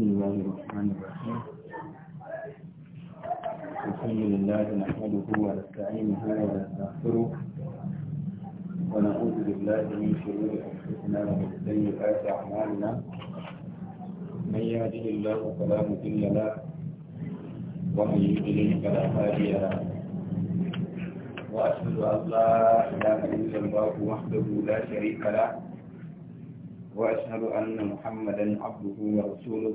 بسم الله الرحمن الرحيم الحمد لله نحمده ونستعينه ونستغفره ونعوذ بالله من شرور انفسنا ومن سيئات اعمالنا من يهده الله فلا مضل له ومن يضلل فلا هادي له واشهد ان لا اله الا الله وحده لا شريك له وأشهد أن محمدا عبده ورسوله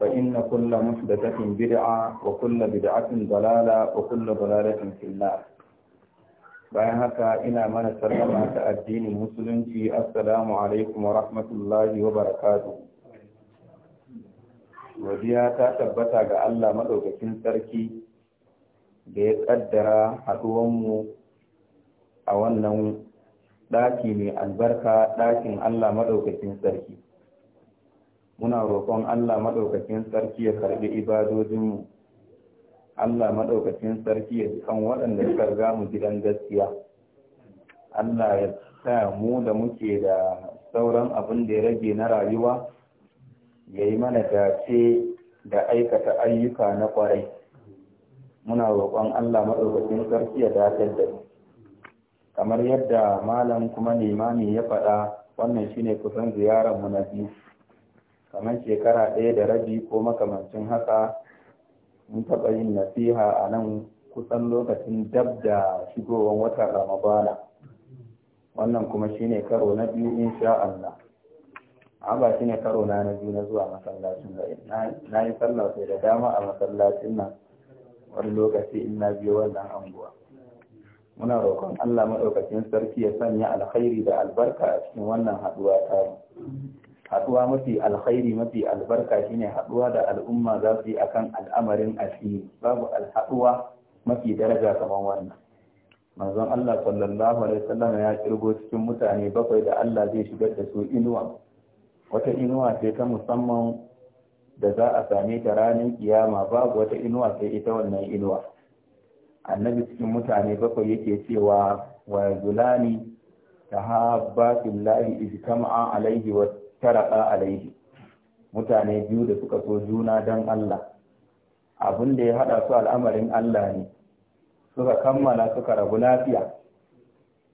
فإن كل محدثة بدعة وكل بدعة ضلالة وكل ضلالة في النار bayan haka ina mana sallama ta addinin musulunci assalamu alaikum wa rahmatullahi wa barakatu godiya ta tabbata ga Allah madaukakin sarki da ya kaddara haduwanmu a wannan ɗaki mai albarka ɗakin Allah madaukakin sarki muna roƙon Allah maɗaukacin sarki ya karɓi ibadojinmu Allah maɗaukacin sarki ya kan waɗanda suka za mu gidan gaskiya Allah ya sa mu da muke da sauran abin da ya rage na rayuwa ya yi mana dace da aikata ayyuka na ƙwarai. muna roƙon Allah maɗaukacin sarki ya dace da mu kamar yadda malam kuma limami ya faɗa wannan shine kusan ziyararmu na biyu kamar shekara ɗaya da rabi ko makamancin haka mun taɓa yin nasiha a nan kusan lokacin dab da shigowar watan ramadana wannan kuma shine karo na biyu insha Allah ba shine karo na na biyu na zuwa masallacin da na yi sallah da dama a masallacin nan wani lokaci in na biyo wannan anguwa muna roƙon Allah maɗaukacin sarki ya sanya alkhairi da albarka a cikin wannan haɗuwa ta haɗuwa mafi alkhairi mafi albarka shine haɗuwa da al'umma za su yi akan al'amarin asiri babu alhaɗuwa mafi daraja kamar wannan manzon Allah sallallahu alaihi wasallam ya kirgo cikin mutane bakwai da Allah zai shigar da su inuwa wata inuwa ce ta musamman da za a same ta ranar kiyama babu wata inuwa sai ita wannan inuwa annabi cikin mutane bakwai yake cewa wa zulani tahabba fillahi ijtama'a alaihi wa taraka alaihi mutane biyu da suka so juna don Allah abin da ya haɗa su al'amarin Allah ne suka kammala suka rabu lafiya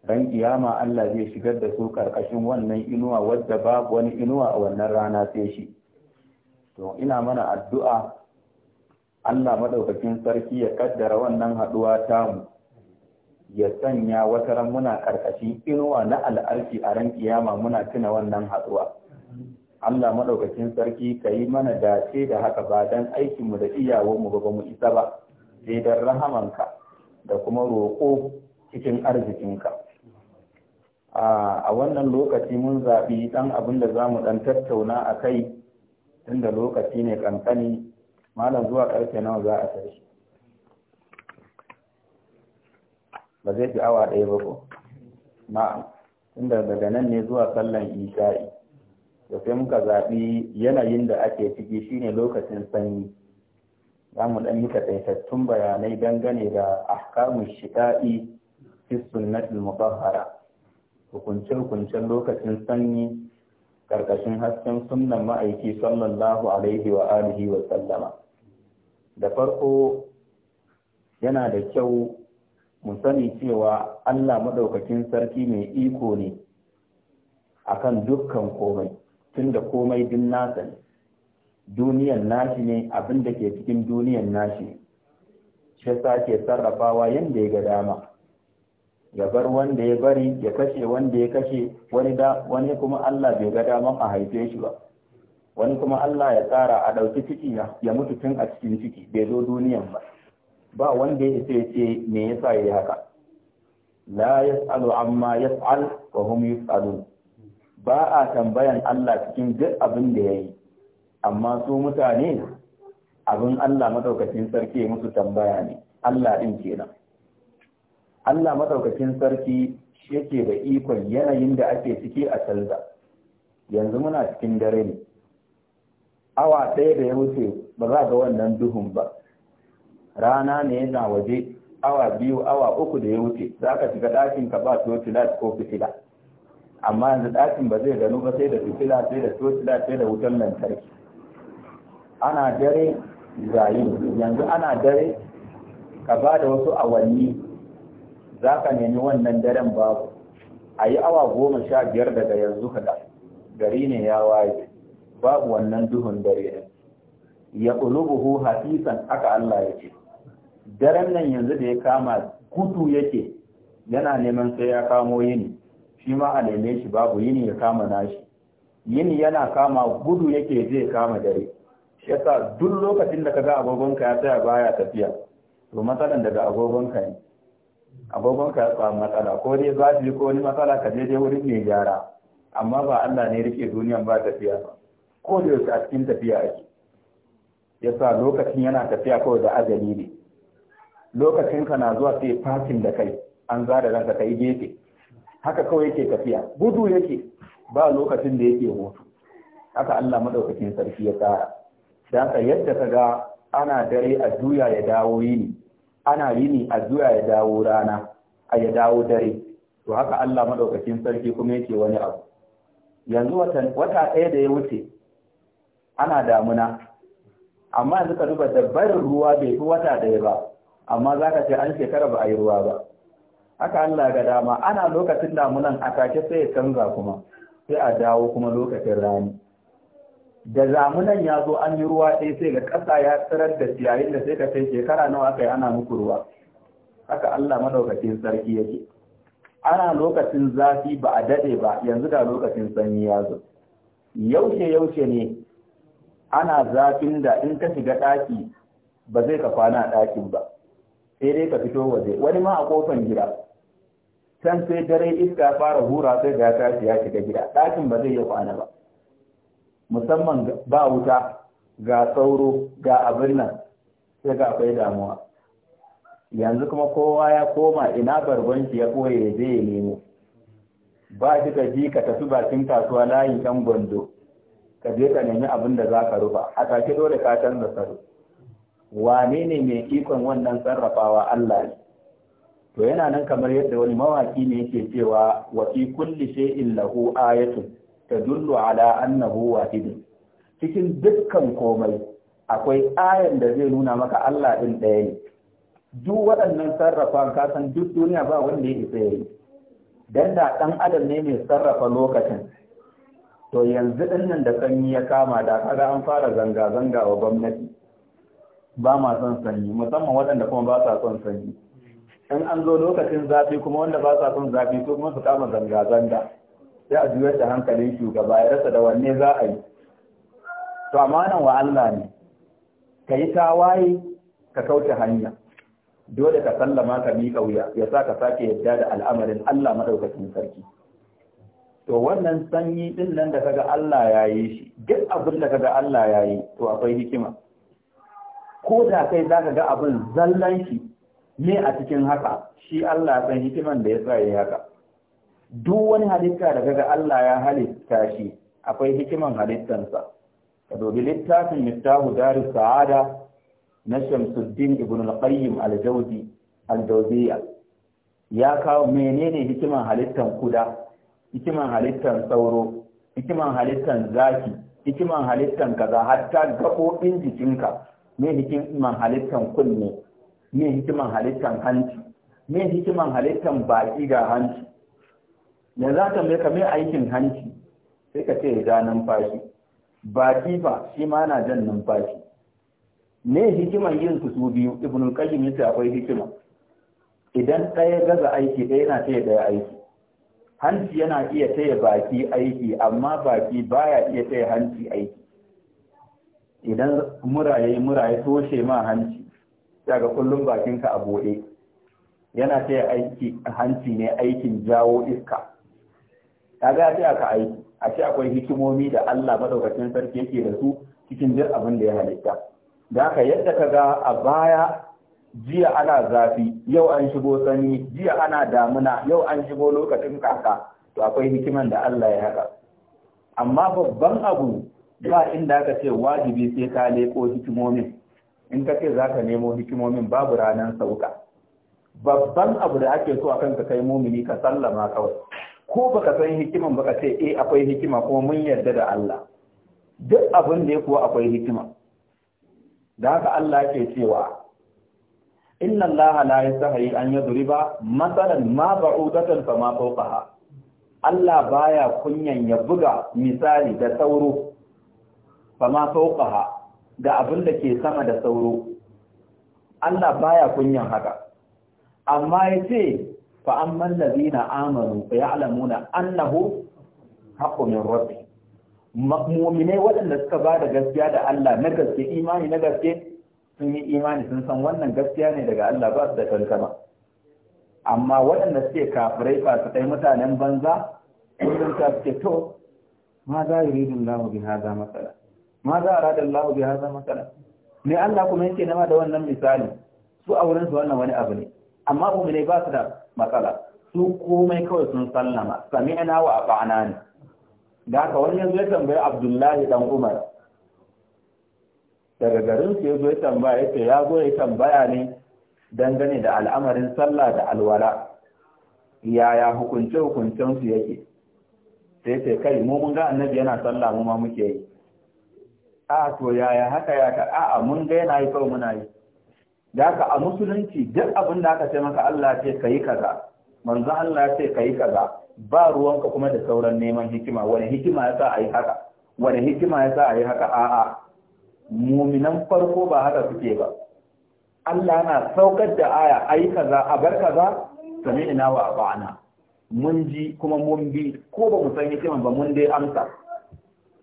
ran kiyama Allah zai shigar da su karkashin wannan inuwa wadda babu wani inuwa a wannan rana sai shi to ina mana addu'a Allah madaukakin sarki ya kaddara wannan haɗuwa tamu ya sanya wata ran muna ƙarƙashin inuwa na al'arki a ran kiyama muna tuna wannan haɗuwa Allah madaukakin sarki ka yi mana dace da haka ba don aikinmu da iyawonmu ba mu isa ba sai don ka da kuma roƙo cikin arzikinka a wannan lokaci mun zaɓi ɗan abin da za mu ɗan tattauna a kai tunda lokaci ne ƙanƙani malam zuwa ƙarfe nawa za a tashi ba zai fi awa ɗaya ba ko na'am tunda daga nan ne zuwa sallan isha'i da sai muka zaɓi yanayin da ake ciki shine lokacin sanyi za mu ɗan yi taƙaitattun bayanai dangane da ahkamun shiɗa'i fi sunnatul mutahhara hukunce-hukuncen lokacin sanyi ƙarƙashin hasken sunnan ma'aiki sallallahu alaihi wa alihi wa sallama da farko yana da kyau mu sani cewa Allah maɗaukakin sarki mai iko ne akan dukkan komai tun da komai din nasa ne duniyan nashi ne abin da ke cikin duniyan nashi ne shi yasa ke sarrafawa yadda ya ga dama ya bar wanda ya bari ya kashe wanda ya kashe wani kuma Allah bai ga dama a haife shi ba wani kuma Allah ya tsara a ɗauki ciki ya mutu tun a cikin ciki bai zo duniyan ba ba wanda ya ce ce me yasa yi haka la yas'alu amma yas'al wa hum yus'alun ba a tambayan Allah cikin duk abin da ya yi amma su mutane abin Allah maɗaukacin sarki musu tambaya ne Allah ɗin kenan Allah maɗaukacin sarki shi yake da ikon yanayin da ake ciki a canza yanzu muna cikin dare ne awa ɗaya da ya wuce ba za ga wannan duhun ba rana ne yana waje awa biyu awa uku da ya wuce za ka shiga ɗakin ka ba da ko fitila amma yanzu ɗakin ba zai gano ba sai da fitila sai da tosila sai da wutan lantarki ana dare zayin yanzu ana dare ka ba da wasu awanni za ka nemi wannan daren babu a yi awa goma sha biyar daga yanzu ka gari ne ya waye babu wannan duhun dare ne ya ƙulubuhu hafisan aka Allah ya ce daren nan yanzu da ya kama gudu yake yana neman sai ya kamo yini shi ma a neme shi babu yini ya kama nashi yini yana kama gudu yake zai kama dare yasa duk lokacin da kaga agogonka ya tsaya baya tafiya to matsalan daga agogonka ne agogonka ya tsaya matsala ko dai za ji ko wani matsala ka je dai wurin mai gyara amma ba Allah ne rike duniyan ba tafiya ba ko da yake a cikin tafiya ake yasa lokacin yana tafiya kawai da azali ne lokacin ka na zuwa sai fasin da kai an zara ranka kai gefe haka kawai yake tafiya gudu yake ba lokacin da yake hutu haka Allah madaukakin sarki ya tsara dan ka yadda ka ga ana dare a juya ya dawo yini ana yini a juya ya dawo rana a ya dawo dare to haka Allah madaukakin sarki kuma yake wani abu yanzu wata ɗaya da ya wuce ana damuna amma yanzu ka duba dabbar ruwa bai fi wata ɗaya ba amma za ka ce an shekara ba a yi ruwa ba haka Allah ga dama ana lokacin damunan a take sai ya canza kuma sai a dawo kuma lokacin rani da zamunan ya zo an yi ruwa ɗaya sai ga ƙasa ya tsirar da ciyayin da sai ka sai shekara nawa aka yi ana muku ruwa haka Allah madaukakin sarki yake ana lokacin zafi ba a daɗe ba yanzu da lokacin sanyi ya zo yaushe yaushe ne ana zafin da in ka shiga ɗaki ba zai ka kwana a ɗakin ba sai dai ka fito waje wani ma a kofan gida can sai dare iska fara hura sai ga tashi ya shiga gida ɗakin ba zai iya kwana ba musamman ba wuta ga sauro ga abin nan sai ga akwai damuwa yanzu kuma kowa ya koma ina barbanci ya koye ya je ya nemo ba shi ka ji ka tafi bakin kasuwa layin ɗan gwando ka je ka nemi abin da za ka rufa a take dole ka canza salo wane ne mai ikon wannan sarrafawa Allah ne to yana nan kamar yadda wani mawaki ne yake cewa wa fi kulli shay'in lahu ayatun tadullu ala annahu wahid cikin dukkan komai akwai ayan da zai nuna maka Allah din ɗaya ne duk waɗannan sarrafa ka san duk duniya ba wanda ya isa yayi dan da dan adam ne mai sarrafa lokacin to yanzu din nan da sanyi ya kama da kaga an fara zanga zanga wa gwamnati ba ma son sanyi musamman waɗanda kuma ba sa son sanyi in an zo lokacin zafi kuma wanda ba sa son zafi su kuma su kama zanga-zanga sai a juyar da hankalin shugaba ya rasa da wanne za a yi to amma nan wa Allah ne ka yi tawaye ka kauce hanya dole ka sallama ka miƙa wuya ya sa ka sake yadda da al'amarin Allah maɗaukacin sarki to wannan sanyi din nan da kaga Allah ya yi shi duk abin da kaga Allah ya yi to akwai hikima ko da kai za ka ga abin zallan shi me a cikin haka shi Allah san hikiman da ya sa yi haka duk wani halitta da kaga Allah ya halitta shi akwai hikiman halittansa ka dubi littafin miftahu dari sa'ada na Shamsuddin Ibn al-Qayyim al-Jawzi al ya kawo menene hikiman halittan kuda hikiman halittan sauro hikiman halittan zaki hikiman halittan kaza hatta gaɓoɓin jikinka ne hikiman halittan kunne me hikiman halittan hanci me hikiman halittan baki ga hanci yanzu za ka mai aikin hanci sai ka ce ga numfashi baki ba shi ma na jan numfashi me hikiman yin su biyu ibnul qayyim yace akwai hikima idan ɗaya gaza aiki ɗaya yana taya ɗaya aiki hanci yana iya taya baki aiki amma baki baya iya taya hanci aiki idan mura muraye toshe ma hanci daga kullum bakinka a buɗe yana ce aiki hanci ne aikin jawo iska kaga ya ce aka aiki a ce akwai hikimomi da Allah madaukakin sarki yake da su cikin duk abin da ya halitta da haka yadda ka ga a baya jiya ana zafi yau an shigo sanyi jiya ana damuna yau an shigo lokacin kaka to akwai hikiman da Allah ya haka amma babban abu ba inda aka ce wajibi sai ka leko hikimomin in ka ce za ka nemo hikimomin babu ranar sauka babban abu da ake so a kanka kai mumini ka sallama kawai ko baka san hikiman baka ce e, akwai hikima kuma mun yarda da Allah duk abin da ya kuwa akwai hikima da haka Allah ke cewa inna Allah la yastahi an yadriba masalan ma ba'udatan fa ma fawqaha Allah baya kunyan ya buga misali da sauro fa ma fawqaha Da abin da ke sama da sauro Allah baya kunyan haka amma ya ce fa amman Zina amanu fa ya'lamuna annahu haqqun min rabbi mu'minai waɗanda suka ba da gaskiya da Allah na gaske imani na gaske sun yi imani sun san wannan gaskiya ne daga Allah ba su da kankama amma waɗanda suke kafirai fasikai mutanen banza sun ta suke to ma za yi ridun lahu bi hadha matsala ma za a rada Allah bi haza masala ne Allah kuma yake nama da wannan misali su a wurin su wannan wani abu ne amma kuma ne ba su da matsala su komai kawai sun sallama sami'na wa ata'na ne da haka wani yanzu ya tambayi Abdullahi dan Umar daga garin su yazo ya tambaya yace ya zo ya tambaya ne dangane da al'amarin sallah da alwala yaya hukunce hukuncen su yake sai ce kai mu mun ga annabi yana sallah mu ma muke yi a to yaya haka ya ka a'a mun ga yana yi kawai muna yi da ka a musulunci duk abin da aka ce maka Allah ce ka yi kaza manzo Allah ce ka yi kaza ba ruwanka kuma da sauran neman hikima wani hikima ya sa a yi haka wani hikima ya sa a yi haka a'a muminan farko ba haka suke ba Allah na saukar da aya a yi kaza a bar kaza sami ina wa ba'ana mun ji kuma mun bi ko ba mu san hikima ba mun dai amsa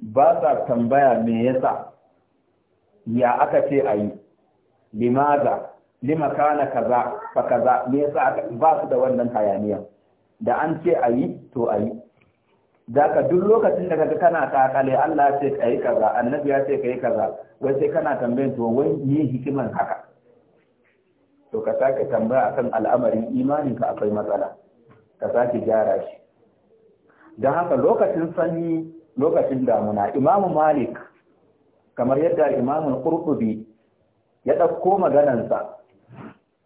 ba sa tambaya me yasa ya aka ce a yi limaza lima kana kaza fa kaza me yasa ba su da wannan hayaniya da an ce a yi to a yi ka duk lokacin da kaga kana kakale Allah ya ce kai kaza annabi ya ce kai kaza wai sai kana tambayin to wai me hikiman haka to ka sake tambaya akan al'amarin imanin ka akwai matsala ka sake gyara shi don haka lokacin sanyi lokacin damuna imamu malik kamar yadda imamun kurkubi, ya ɗauko maganansa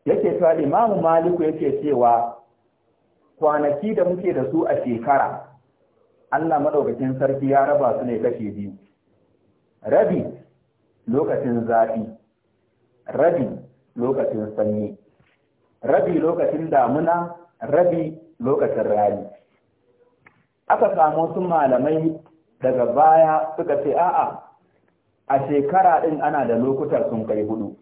yake cewa imamu maliku yake cewa kwanaki da muke da su a shekara Allah madaukakin sarki ya raba su ne kashi biyu rabi lokacin zafi rabi lokacin sanyi rabi lokacin damuna rabi lokacin rani aka samu su malamai daga baya suka ce a'a a shekara ɗin ana da lokuta sun kai hudu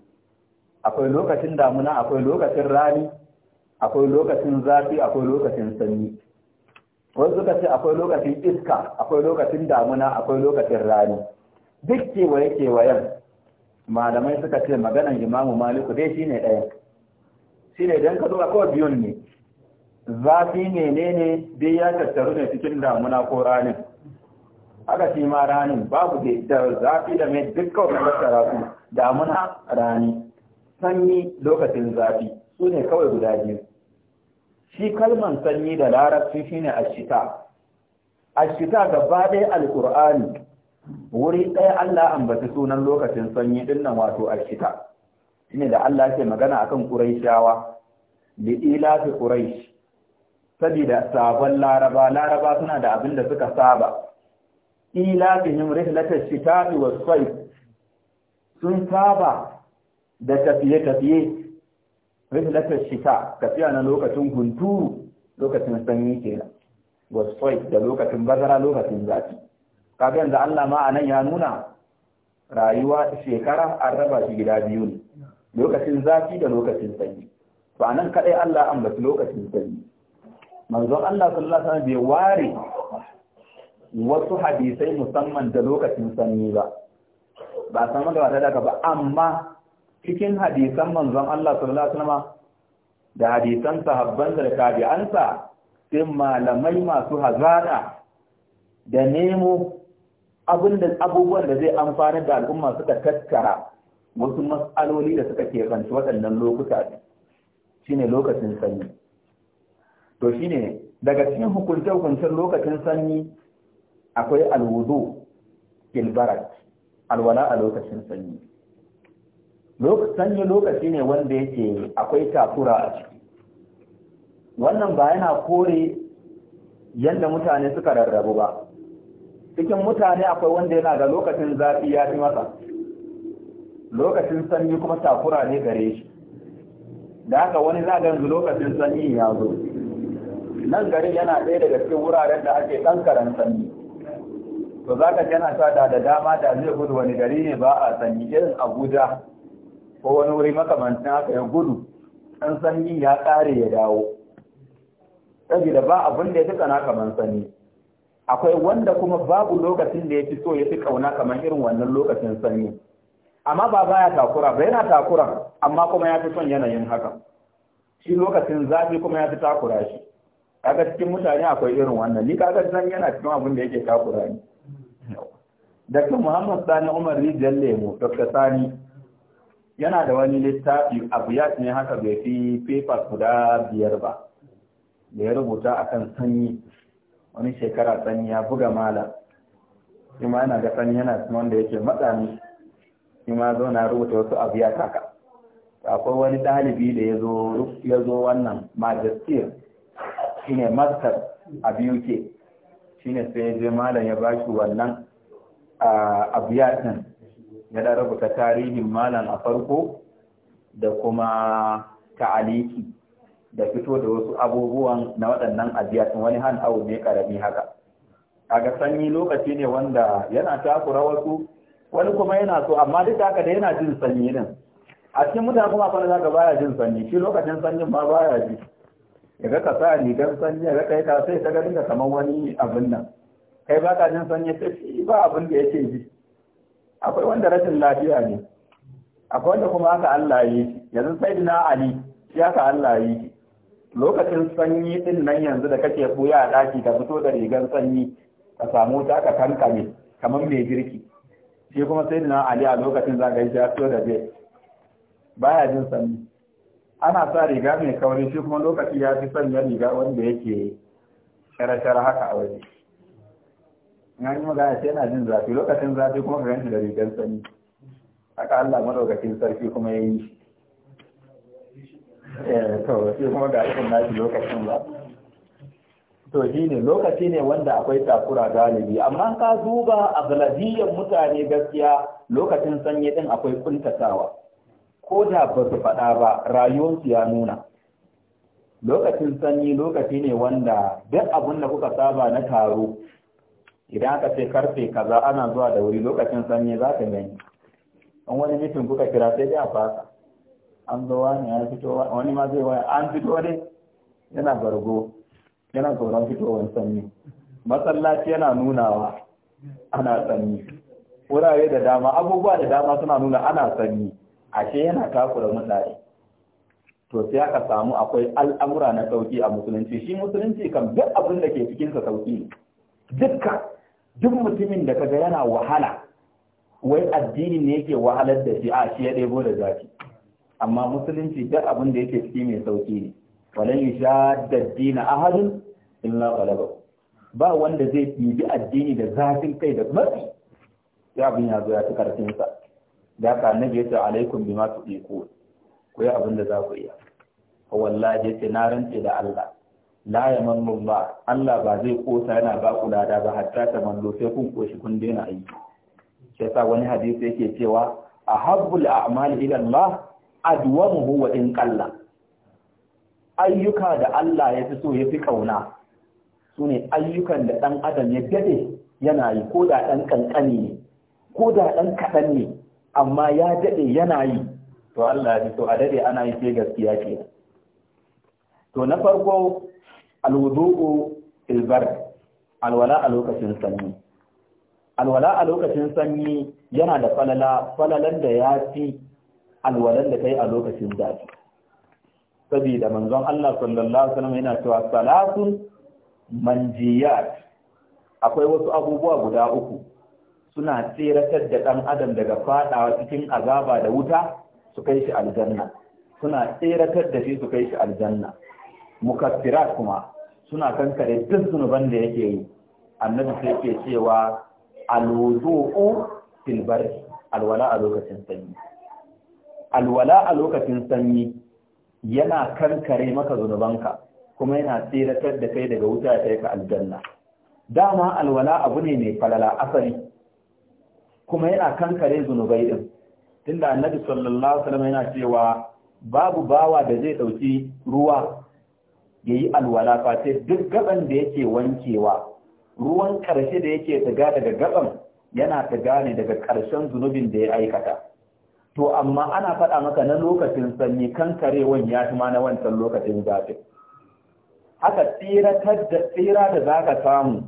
akwai lokacin damuna akwai lokacin rani akwai lokacin zafi akwai lokacin sanyi wasu suka ce akwai lokacin iska akwai lokacin damuna akwai lokacin rani duk kewaye kewayen malamai suka ce maganan imamu maliku dai shine ɗaya shine idan ka zuwa kawai biyun ne zafi menene dai ya tattaru ne cikin damuna ko ranin haka shi ma ranin babu da zafi da mai dukkan tattara su damuna rani sanyi lokacin zafi su ne kawai guda biyu shi kalman sanyi da larabci shine ashita ashita gaba ɗaya alkur'ani wuri ɗaya Allah ambaci sunan lokacin sanyi dinnan wato ashita ne da Allah ke magana akan ƙuraishawa da ilafi ƙuraish sabida sabon laraba laraba suna da abin da suka saba ilafihim rihlatash shita'i was-sayf sun saba da tafiye tafiye rihlatash shita tafiya na lokacin hunturu lokacin sanyi kenan was-sayf da lokacin bazara lokacin zafi kaga yanzu Allah ma anan ya nuna rayuwa shekara an raba shi gida biyu ne lokacin zafi da lokacin sanyi to anan kadai Allah an lokacin sanyi manzon Allah sallallahu alaihi wasallam bai ware wasu hadisai musamman da lokacin sanyi ba ba san da wata daga ba amma cikin hadisan manzon Allah sallallahu alaihi wasallam da hadisan sahabban da ansa sai malamai masu hazara da nemo abin da abubuwan da zai amfana da al'umma suka tattara wasu mas'aloli da suka ke keɓanci waɗannan lokuta ne shine lokacin sanyi to shine daga cikin hukunce-hukuncen lokacin sanyi akwai alwudu bilbarat alwala a lokacin sanyi sanyi lokaci ne wanda yake akwai takura a ciki wannan ba yana kore yadda mutane suka rarrabu ba cikin mutane akwai wanda yana ga lokacin zafi ya fi masa lokacin sanyi kuma takura ne gare shi da haka wani za ga yanzu lokacin sanyi ya zo nan garin yana ɗaya daga cikin wuraren da ake ɗan karan sanyi to za ka yana sa da dama da zai gudu wani gari ne ba a sanyi irin abuja ko wani wuri makamantin haka ya gudu ɗan sanyi ya ƙare ya dawo da ba abin da ya fi tsana kamar sanyi akwai wanda kuma babu lokacin da ya fi so ya fi ƙauna kamar irin wannan lokacin sanyi amma ba baya takura ba yana takura amma kuma ya fi son yanayin haka shi lokacin zafi kuma ya fi takura shi kaga cikin mutane akwai irin wannan ni kaga sanyi yana cikin abin da yake takura ni Dak'in Muhammad Sani Umar Rijiyar Lemo, Dr. Sani, yana da wani littafi abu ya ne haka bai fi paper guda biyar ba, da ya rubuta a kan sanyi, wani shekara sanyi ya buga mala. Ima yana da sanyi yana wanda yake shi ima zo na rubuta wasu abu ya kaka. Akwai wani ɗalibi da ya zo wannan majestir, ne master a biyu ke. shine sai je malam ya bashi wannan abiyatin ya da rubuta tarihin malam a farko da kuma ta'aliki da fito da wasu abubuwan na waɗannan abiyatin wani han awu ne karami haka kaga sanyi lokaci ne wanda yana takura wasu wani kuma yana so amma duk da haka da yana jin sanyi din a cikin mutane kuma kwana za baya jin sanyi shi lokacin sanyin ma baya ji ya ga ka sa rigar sanyi ya ga kai ka sai ka ga dinka kamar wani abin nan kai ba ka jin sanyi sai shi ba abin da yake ji akwai wanda rashin lafiya ne akwai wanda kuma haka Allah yi yanzu sai dina Ali ya ka Allah yi lokacin sanyi din nan yanzu da kake buya a daki ka fito da rigar sanyi ka samu ta ka kankame kamar mai girki shi kuma sai dina Ali a lokacin zagaye ya fito da bai baya jin sanyi ana sa riga mai kauri shi kuma lokaci ya fi sanya riga wanda yake shara-shara haka a waje na yi magana ce yana jin zafi lokacin zafi kuma ka ganshi da rigar sanyi haka Allah madaukakin sarki kuma ya yi eh, to shi kuma ga irin nashi lokacin ba to shi ne lokaci ne wanda akwai takura galibi amma ka duba a galadiyyar mutane gaskiya lokacin sanyi din akwai kuntatawa ko da ba su faɗa ba rayuwarsu ya nuna lokacin sanyi lokaci ne wanda duk abin da kuka saba na taro idan aka ce karfe kaza ana zuwa da wuri lokacin sanyi za ka gani an wani mitin kuka kira sai dai a fasa an zo wani ya fito wani ma zai waya an fito ne yana bargo yana tsoron fitowar sanyi masallaci yana nunawa ana sanyi wurare da dama abubuwa da dama suna nuna ana sanyi ashe yana takura mutane to sai aka samu akwai al'amura na sauki a musulunci shi musulunci kan duk abin da ke cikin sa sauki dukka duk mutumin da kaga yana wahala wai addini ne yake wahalar da shi a shi ya ɗebo da zaki amma musulunci duk abin da yake ciki mai sauki ne walan yushadda daddina ahadun illa qalaba ba wanda zai bibi addini da zafin kai da matsi ya abin ya zo ya ci karfin da ka annabi ya ce alaikum bima tuqiqu ku yi abin da za ku iya fa wallahi yace na rantse da Allah la yamannu ba Allah ba zai kosa yana ba ku lada ba hatta ta mallo sai kun koshi kun daina aiki sai sa wani hadisi yake cewa ahabbul a'mali ila Allah adwamuhu wa in qalla ayyuka da Allah ya fi so ya fi kauna sune ayyukan da ɗan adam ya dade yana yi ko da dan kankani ne ko da dan kadan ne amma ya daɗe yana yi to Allah ya to a daɗe ana yi sai gaskiya ke to na farko alwudu'u ilbar alwala a lokacin sanyi alwala a lokacin sanyi yana da falala falalan da ya fi alwalan da kai a lokacin zafi saboda manzon Allah sallallahu alaihi wasallam yana cewa salatun manjiyat akwai wasu abubuwa guda uku suna tseratar da ɗan adam daga faɗawa cikin azaba da wuta su kai shi aljanna suna tseratar da shi su kai shi aljanna mukaffirat kuma suna kankare duk zunuban da yake yi annabi sai ke cewa alwudu'u fil barri alwala a lokacin sanyi alwala a lokacin sanyi yana kankare maka zunubanka kuma yana tseratar da kai daga wuta ya kai ka aljanna dama alwala abu ne mai falala asali kuma yana kankare zunubai din tunda annabi sallallahu alaihi wasallam yana cewa babu bawa da zai dauki ruwa yayi alwala fa duk gaban da yake wankewa ruwan karshe da yake daga daga gaban yana ta ne daga karshen zunubin da ya aikata to amma ana faɗa maka na lokacin sanyi kankarewan ya fi ma na wancan lokacin zafi haka tsira da zaka samu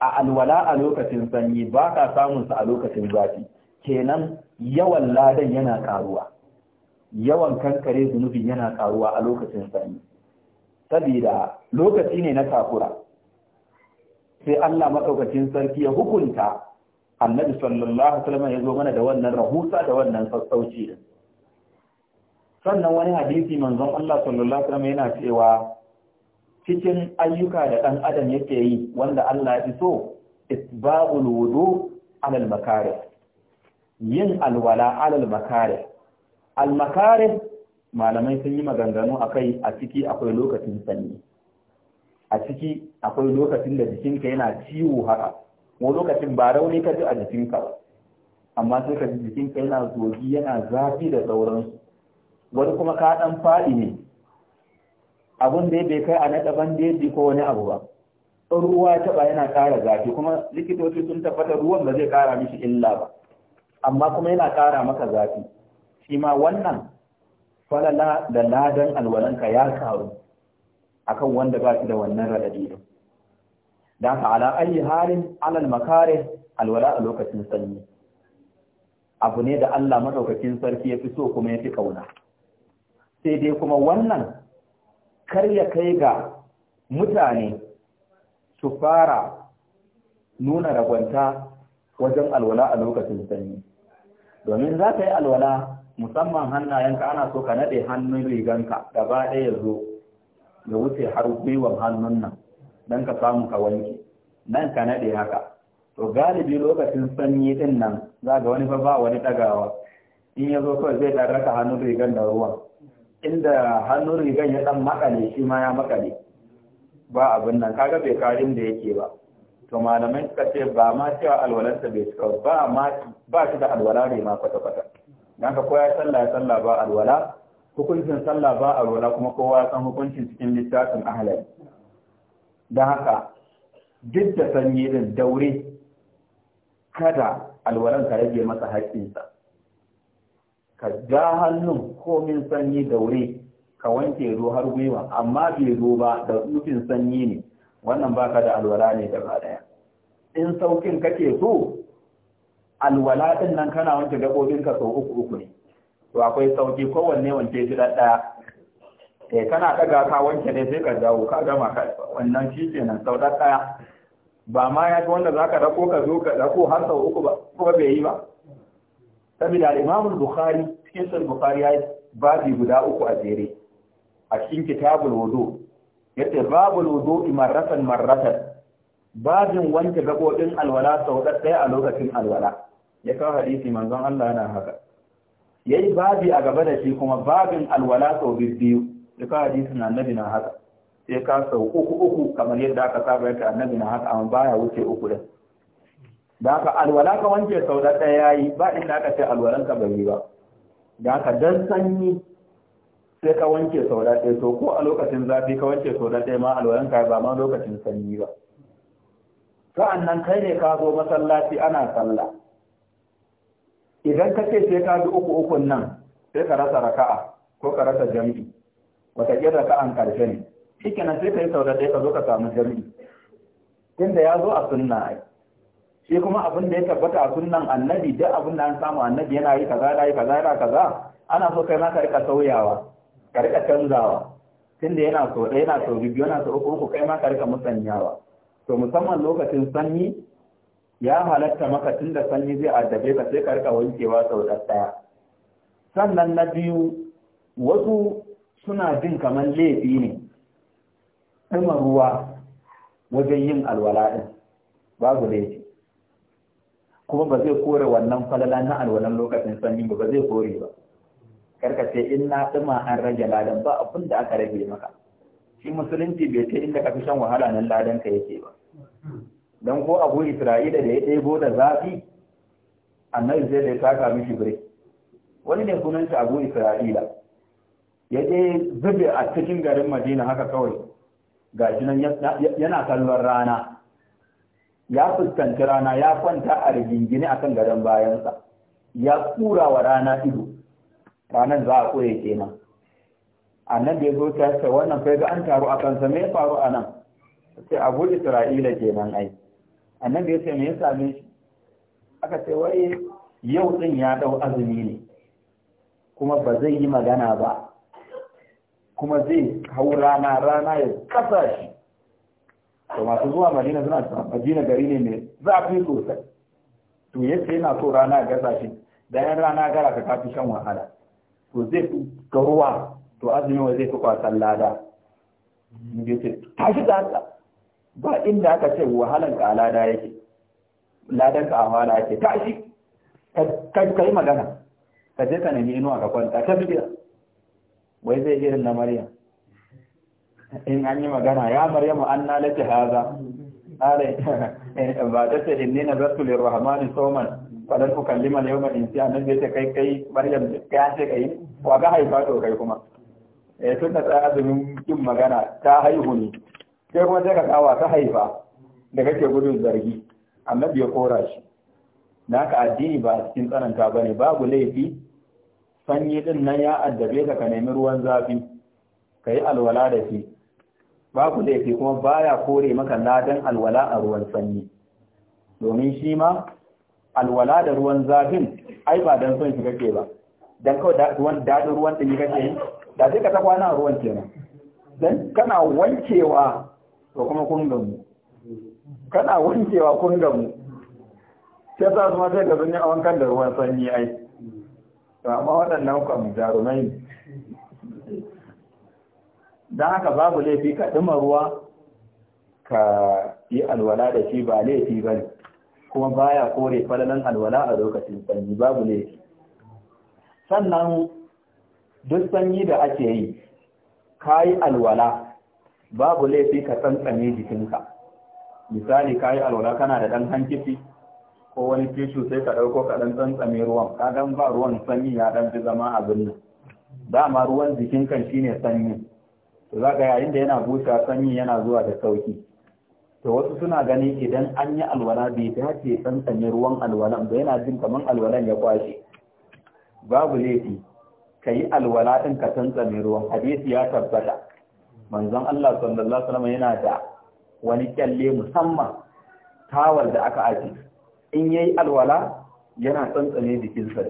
a alwala a lokacin sanyi ba ka samunsa a lokacin zafi kenan yawan ladan yana karuwa yawan kankare zunubi yana karuwa a lokacin sanyi saboda lokaci ne na takura sai Allah madaukakin sarki ya hukunta annabi sallallahu alaihi wasallam ya zo mana da wannan rahusa da wannan sassauci sannan wani hadisi manzon Allah sallallahu alaihi wasallam yana cewa cikin ayyuka da ɗan adam yake yi wanda Allah ya so isba'ul wudu alal makarih yin alwala alal makarih al makarih malamai sun yi maganganu akai a ciki akwai lokacin sanyi a ciki akwai lokacin da jikinka yana ciwo haka ko lokacin ba rauni ka ji a jikinka ba amma sai ka ji jikinka yana zogi yana zafi da sauransu wani kuma ka dan faɗi ne Abin da ya bai kai a naɗa ji ko wani abu ba ruwa ya taɓa yana ƙara zafi kuma likitoci sun tabbatar ruwan ba zai ƙara mishi illa ba amma kuma yana ƙara maka zafi shi ma wannan falala da ladan alwalanka ya karu akan wanda ba shi da wannan raɗaɗi din Da ka ala ayi halin alal makare alwala a lokacin sanyi abu ne da Allah madaukakin sarki ya fi so kuma ya fi kauna sai dai kuma wannan kar ya kai ga mutane su fara nuna ragwanta wajen alwala a lokacin sanyi domin za ka yi alwala musamman hannayenka ana so ka naɗe hannun riganka gaba ɗaya ya zo ya wuce har gwiwan hannun nan don ka samu ka wanke nan ka naɗe haka to galibi lokacin sanyi ɗin nan za ga wani fa ba wani ɗagawa in ya zo kawai zai ɗan raka hannun rigan da ruwan inda hannun rigar ya dan makale shi ma ya makale ba abin nan kaga bai karin da yake ba to malamai suka ce ba ma cewa alwalarsa bai cika ba ma ba shi da alwala ne ma kwata kwata dan ka koya sallah sallah ba alwala hukuncin sallah ba alwala kuma kowa ya san hukuncin cikin littafin ahlai dan haka duk da sanyi din daure kada alwalan ka rage masa haƙƙinsa ka ja hannun komin sanyi da wuri ka wanke ruwa har gwiwa amma bai ruwa ba da nufin sanyi ne wannan baka da alwala ne gaba daya in saukin kake so alwala din nan kana wanke gabobin ka sau uku uku ne to akwai sauki kowanne wanke shi ɗaya eh kana daga ka wanke ne sai ka dawo ka gama ka wannan shi kenan sau ɗaya ba ma ya wanda zaka dako ka zo ka dako har sau uku ba ko bai yi ba saboda Imam Bukhari cikin Sahih Bukhari yayi babi guda uku a jere a cikin Kitabul Wudu yace babul wudu marratan marratan babin wanke gabobin alwala sau ɗaya a lokacin alwala ya kawo hadisi manzon Allah yana haka yayi babi a gaba da shi kuma babin alwala sau biyu ya kawo hadisi na annabi na haka sai ka sau uku uku kamar yadda aka saba yadda annabi na haka amma baya wuce uku din da aka alwala ka wanke sau da ɗaya yi, ba inda aka ce alwalan ka bai yi ba da aka dan sanyi sai ka wanke sau da ɗaya to ko a lokacin zafi ka wanke sau da ɗaya ma alwalan ka ba ma lokacin sanyi ba sa'an nan kai ne ka zo masallaci ana sallah idan ka ce sai ka bi uku ukun nan sai ka rasa raka'a ko ka rasa jam'i wataƙil raka'an ƙarshe ne shi kenan sai ka yi sau da ɗaya ka zo ka samu jam'i tunda ya zo a sunna ai shi kuma abin da ya tabbata a sunnan annabi duk abin da an samu annabi yana yi kaza da yi kaza yana kaza ana so kai ma ka rika sauyawa ka rika canzawa tunda yana so ɗaya yana so biyu yana so uku uku kai ma ka rika musanyawa to musamman lokacin sanyi ya halatta maka tun da sanyi zai addabe ka sai ka rika wankewa sau ɗaya sannan na biyu wasu suna jin kamar laifi ne ɗuma ruwa wajen yin alwala ɗin babu laifi kuma ba zai kore wannan falala na alwalan lokacin sanyi ba zai kore ba karka ce in na tsima an rage ladan ba abin da aka rage maka shi musulunci bai ce inda ka fi shan wahala nan ladan ka yake ba don ko abu isra'ila da ya ɗebo da zafi annabi zai da ya saka mishi bire. wani ne sunansa abu isra'ila ya je zube a cikin garin madina haka kawai gashi nan yana kallon rana ya fuskanci rana ya kwanta a rigingine akan gadon bayansa ya kura wa rana ido ranar za a koye kenan da ya zo ta ce wannan fai ga an taru a kansa mai faru a nan sai abu isra'ila kenan ai da ya ce me ya same shi aka ce wai yau din ya dau azumi ne kuma ba zai yi magana ba kuma zai hau rana rana ya kasa to masu zuwa madina suna madina gari ne mai zafi sosai to yace yana so rana ga sashi da yan rana gara ka kafi shan wahala to zai fi ga ruwa to azumi wa zai fi kwasan lada inda ta tashi da ta ba inda aka ce wahalan ka lada yake ladan ka wahala yake tashi ka yi magana ka je ka nemi inuwa ka kwanta ta bidiya wai zai irin na maryam in an yi magana ya maryamu anna laki haza qala ba ta ce inni nazartu lirrahmani sawman falan ukallima yawma insiya nan da ta kai kai maryam ya ce kai wa ga haifa to kai kuma eh tun da azumin kin magana ta haihu ne sai kuma sai ka kawa ta haifa da kake gudun zargi annabi ya kora shi na ka addini ba a cikin tsananta ba ne babu laifi sanyi din nan ya addabe ka ka nemi ruwan zafi ka yi alwala da shi babu laifi kuma baya kore maka ladan alwala a ruwan sanyi domin shi ma alwala da ruwan zafin ai ba dan son shi kake ba dan kawai ruwan ruwan ɗin kake da sai ka ta kwana a ruwan kenan dan kana wankewa to kuma kun gamu kana wankewa kun gamu sai sa su ma sai ga sun yi a wankan da ruwan sanyi ai to amma waɗannan kan jarumai don haka babu laifi ka ɗuma ruwa ka yi alwala da shi ba laifi ba ne kuma baya kore falalan alwala a lokacin sanyi babu laifi sannan duk sanyi da ake yi ka yi alwala babu laifi ka tsantsame jikinka misali ka yi alwala kana da ɗan hankifi ko wani tishu sai ka ɗauko ka ɗan tsantsane ruwan ka ɗan ba ruwan sanyi ya ɗan fi zama abin nan dama ruwan jikinka shine sanyi to za ka yayin da yana busa sanyi yana zuwa da sauki to wasu suna ganin idan an yi alwala bai dace tsantsanye ruwan alwalan ba yana jin kaman alwalan ya kwashe babu laifi ka yi alwala ɗin ka tsantsanye ruwan hadisi ya tabbata manzon Allah sallallahu alaihi wasallam yana da wani kyalle musamman tawar da aka aji in yayi alwala yana tsantsane bikin da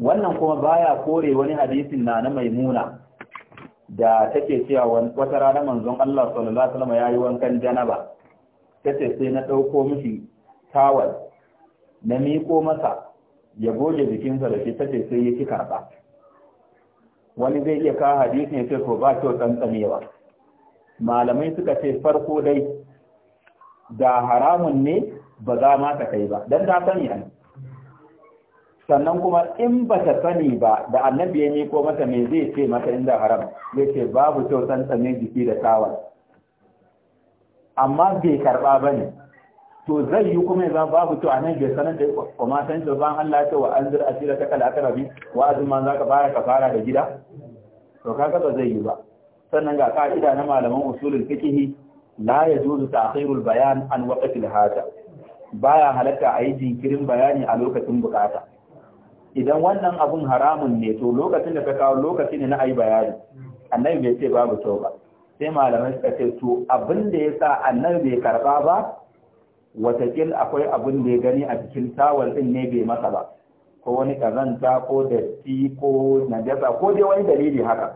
wannan kuma baya kore wani hadisin na na maimuna da take cewa wata rana manzon Allah sallallahu alaihi wasallam yayi wankan janaba tace sai na dauko mishi tawal na miko masa ya goge jikinsa da shi tace sai ya karba wani zai iya kawo hadisi ne sai ko ba dan tsantsamewa malamai suka ce farko dai da haramun ne ba za ma ta kai ba dan ta sani ne sannan kuma in ba ta sani ba da annabi ya ko mata me zai ce mata inda haram zai ce babu kyau tsantsanin jiki da tawon amma bai karba ba ne to zai yi kuma ya zama babu kyau a nan bai sanar da wa matan shi ban Allah ta wa zira asira ta kala rabi wa azuma za ka fara ka fara da gida to ka ba zai yi ba sannan ga ka'ida na malaman usulul fiqh la yajuzu ta'khirul bayan an waqtil hada baya halatta a yi jinkirin bayani a lokacin bukata idan wannan abun haramun ne to lokacin da ka kawo lokaci ne na ayi bayani annabi bai ce babu ba sai malamai suka ce to abin da ya sa annabi bai karba ba watakil akwai abin da ya gani a cikin tawal din ne bai masa ba ko wani kazanta ko datti ko najasa ko dai wani dalili haka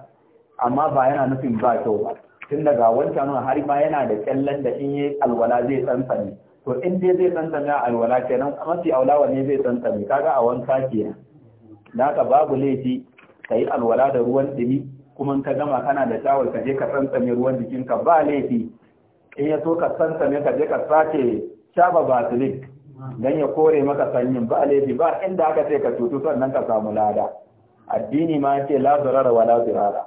amma ba yana nufin ba kyau ba tun daga wancan har ma yana da kyallan da in yi alwala zai tsantsame to in dai zai tsantsame a alwala kenan mafi aulawa ne zai tsantsami kaga a wanka kenan da ka babu laifi ka yi alwala da ruwan dumi kuma ka gama kana da shawar ka je ka tsantsame ruwan jikinka ba laifi in ya so ka tsantsame ka je ka sace shaba basilik don ya kore maka sanyin ba laifi ba inda aka ce ka cutu sannan ka samu lada addini ma yace la zarara wala zirara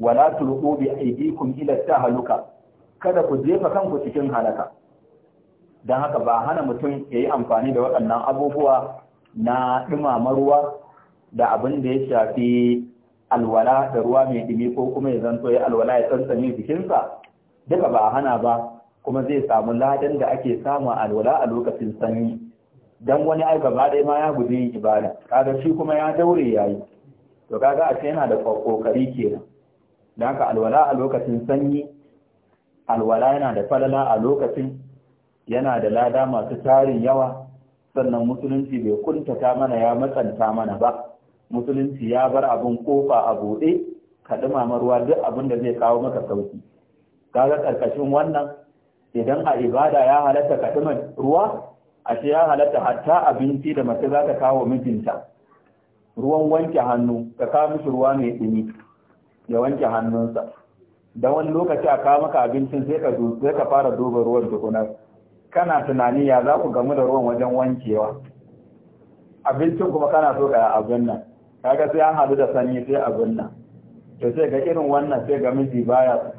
wala tulqu bi aidikum ila tahluka kada ku jefa kanku cikin halaka don haka ba hana mutum ya yi amfani da waɗannan abubuwa na ɗumama ruwa da abin da ya shafi alwala da ruwa mai dumi ko kuma ya zanto ya alwala ya tsantsame jikinsa duka ba a hana ba kuma zai samu ladan da ake samu alwala a lokacin sanyi dan wani ai gaba ɗaya ma ya guje yin ibada kaga shi kuma ya daure yayi to kaga a yana da kokari kenan dan haka alwala a lokacin sanyi alwala yana da falala a lokacin yana da lada masu tarin yawa sannan musulunci bai kuntata mana ya matsanta mana ba musulunci ya bar abin kofa a buɗe ka ruwa duk abin da zai kawo maka sauki kaga karkashin wannan idan a ibada ya halatta ka ɗuma ruwa ashe ya halatta hatta abinci da mace za ta kawo mijinta ruwan wanke hannu ka kawo mishi ruwa mai ɗumi ya wanke hannunsa da wani lokaci a kawo maka abincin sai ka sai ka fara duba ruwan tukunar kana tunani ya za ku gamu da ruwan wajen wankewa abincin kuma kana so ka abin nan kaga sai an hadu da sanyi sai abin nan to sai ga irin wannan sai ga miji baya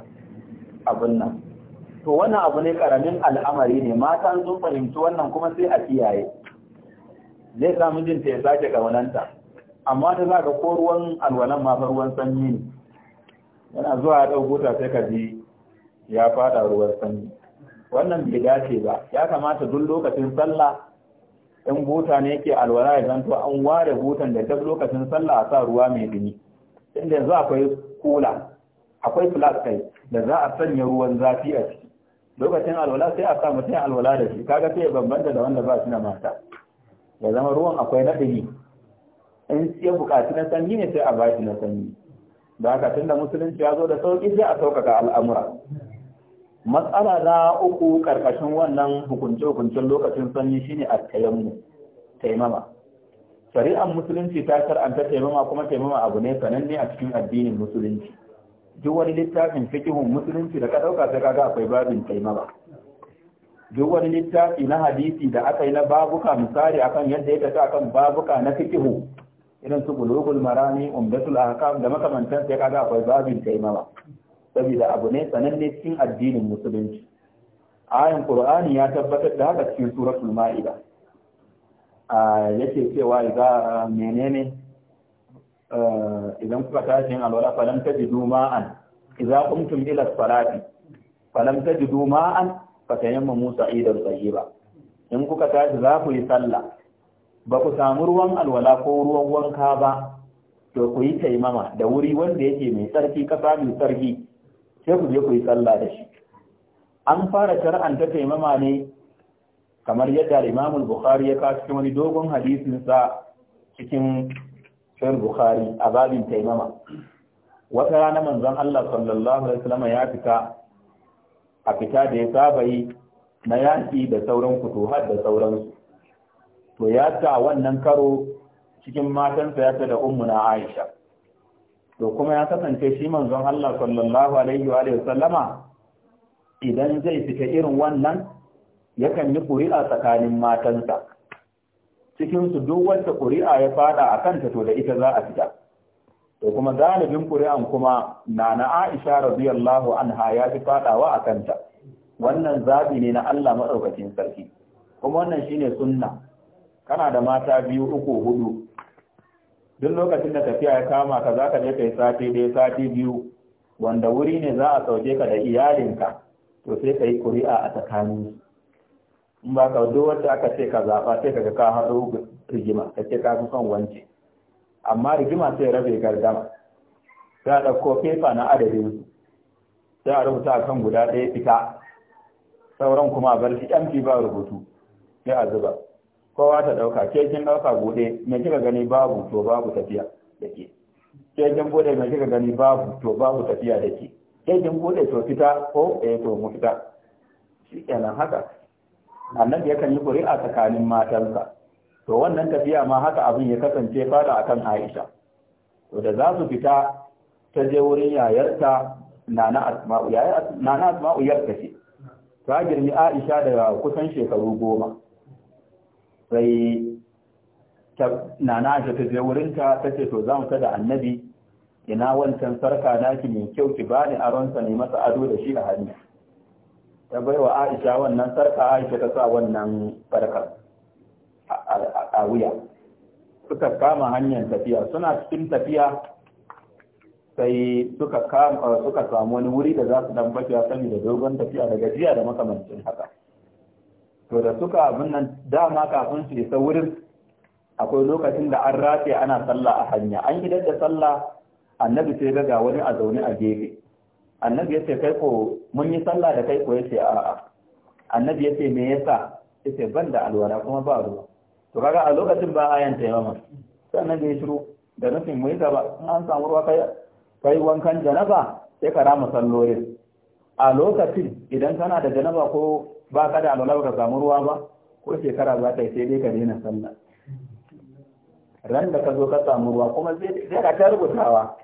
abin nan to wannan abu ne karamin al'amari ne mata sun fahimci wannan kuma sai a kiyaye zai sa mijinta ya sake ƙaunanta. amma ta za ka ko ruwan alwalan ma ruwan sanyi ne yana zuwa ya ɗau guta sai ka ji ya fada ruwan sanyi wannan bai dace ba ya kamata duk lokacin sallah Ɗan bota ne ke alwala ya zanto an ware hutan da duk lokacin sallah a sa ruwa mai dumi inda yanzu akwai kula akwai flat kai da za a sanya ruwan zafi a ciki lokacin alwala sai a sa mutum alwala da shi kaga sai ya bambanta da wanda ba shi na mata ya zama ruwan akwai na dumi in ya buƙaci na sanyi ne sai a ba na sanyi da haka tunda musulunci ya zo da sauƙi sai a sauƙaƙa al'amura matsala na uku karkashin wannan hukunce-hukuncen lokacin sanyi shine a tayammu taimama shari'ar musulunci ta shar'anta taimama kuma taimama abu ne sananne a cikin addinin musulunci duk wani littafin fikihun musulunci da ka ɗauka sai kaga akwai babin taimama duk wani littafi na hadisi da aka yi na babuka misali akan yadda ya tafi akan babuka na fikihu irin su bulugul marani umdatul ahkam da makamantan sai kaga akwai babin taimama saboda abu ne sananne cikin addinin musulunci ayan qur'ani ya tabbatar da haka cikin suratul ma'ida a yake cewa idan menene idan kuka tashi alwala falam tajidu ma'an idza qumtum ila salati falam tajidu ma'an Musa sa'idan tayyiba in kuka tashi za ku yi sallah ba ku samu ruwan alwala ko ruwan wanka ba to ku yi taimama da wuri wanda yake mai tsarki kasa mai tsarki sai ku je ku yi tsalla da shi an fara shar'anta taimama ne kamar yadda imamul Bukhari ya kasu cikin wani dogon hadisin sa cikin Sahih Bukhari a babin taimama wata rana manzon Allah sallallahu alaihi wasallam ya fita a fita da ya saba yi na yaki da sauran kutuhar da sauransu to ya ta wannan karo cikin matansa ya ta da ummuna Aisha to kuma ya kasance shi manzon Allah sallallahu alaihi wa sallama idan zai fita irin wannan yakan yi ƙuri'a tsakanin matansa cikin su duk wanda ƙuri'a ya fada a kanta to da ita za a fita to kuma galibin ƙuri'an kuma na na Aisha radiyallahu anha ya fi fadawa a kanta wannan zabi ne na Allah madaukakin sarki kuma wannan shine sunna kana da mata biyu uku hudu duk lokacin da tafiya ya kama ka za ka je kai sati ɗaya sati biyu wanda wuri ne za a sauke ka da iyalinka to sai ka yi ƙuri'a a tsakanin in ba ka duk wanda aka ce ka zaɓa sai ka ka haɗo rigima ka ce ka fi son wance amma rigima sai rabe gardama sai a ɗauko fefa na adadin sai a rubuta kan guda ɗaya fita sauran kuma a bar shi ɗan ba rubutu sai a zuba kowa ta dauka ke kin dauka bude me kika gani babu to babu tafiya dake ke kin bude me kika gani babu to babu tafiya dake ke kin bude to fita ko eh to mu fita kenan haka annabi yakan yi ƙuri'a tsakanin matansa to wannan tafiya ma haka abin ya kasance fada akan Aisha to da za su fita ta je wurin yayarta nana Asma'u yayar nana Asma'u yarta ce ta girmi Aisha da kusan shekaru goma sai nana aisha ta je wurinta ta ce to zamu mu da annabi ina wancan sarka naki mai kyau ki bani aronsa ne masa ado da shi a hannu ta baiwa aisha wannan sarka aisha ta sa wannan farkar a wuya suka kama hanyar tafiya suna cikin tafiya sai suka samu wani wuri da za su dan bakiya da dogon tafiya da gajiya da makamancin haka to da suka abin nan dama kafin su isa wurin akwai lokacin da an rafe ana sallah a hanya an gidan da sallah annabi sai ga wani a zaune a gefe annabi ya ce kai ko mun yi sallah da kai ko ya ce a? annabi ya ce me yasa ya ce ban da alwala kuma ba ruwa to kaga a lokacin ba ayan yawa sai annabi ya shiru da nufin mu yi gaba in an samu ruwa kai kai wankan janaba sai ka rama sallolin a lokacin idan kana da janaba ko ba ka da alwala ka samu ruwa ba ko shekara za ta yi sai dai ka daina sallah ran da ka zo ka samu ruwa kuma sai ka ta rubutawa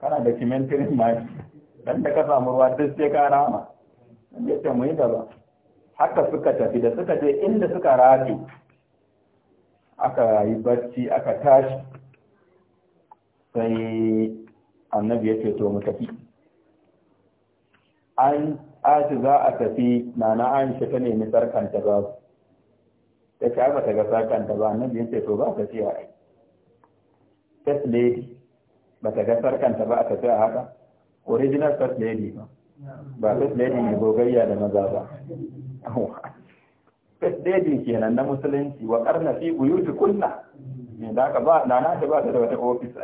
kana da kimentirin mai ran da ka samu ruwa duk sai ka rama an yi ta mai gaba haka suka tafi da suka je inda suka rafi aka yi barci aka tashi sai annabi ya ce to mu tafi an aisha za a tafi nana aisha ta nemi sarkanta ba su. ta ce ba ta ga sarkanta ba annabi ya ce to ba ta ce a yi. first lady ba ta ga sarkanta ba a tafi a haka original first lady ba ba first lady ne gogayya da maza ba first lady kenan na musulunci wa karna fi buyuti kunna da haka ba na ta ba ta da wata office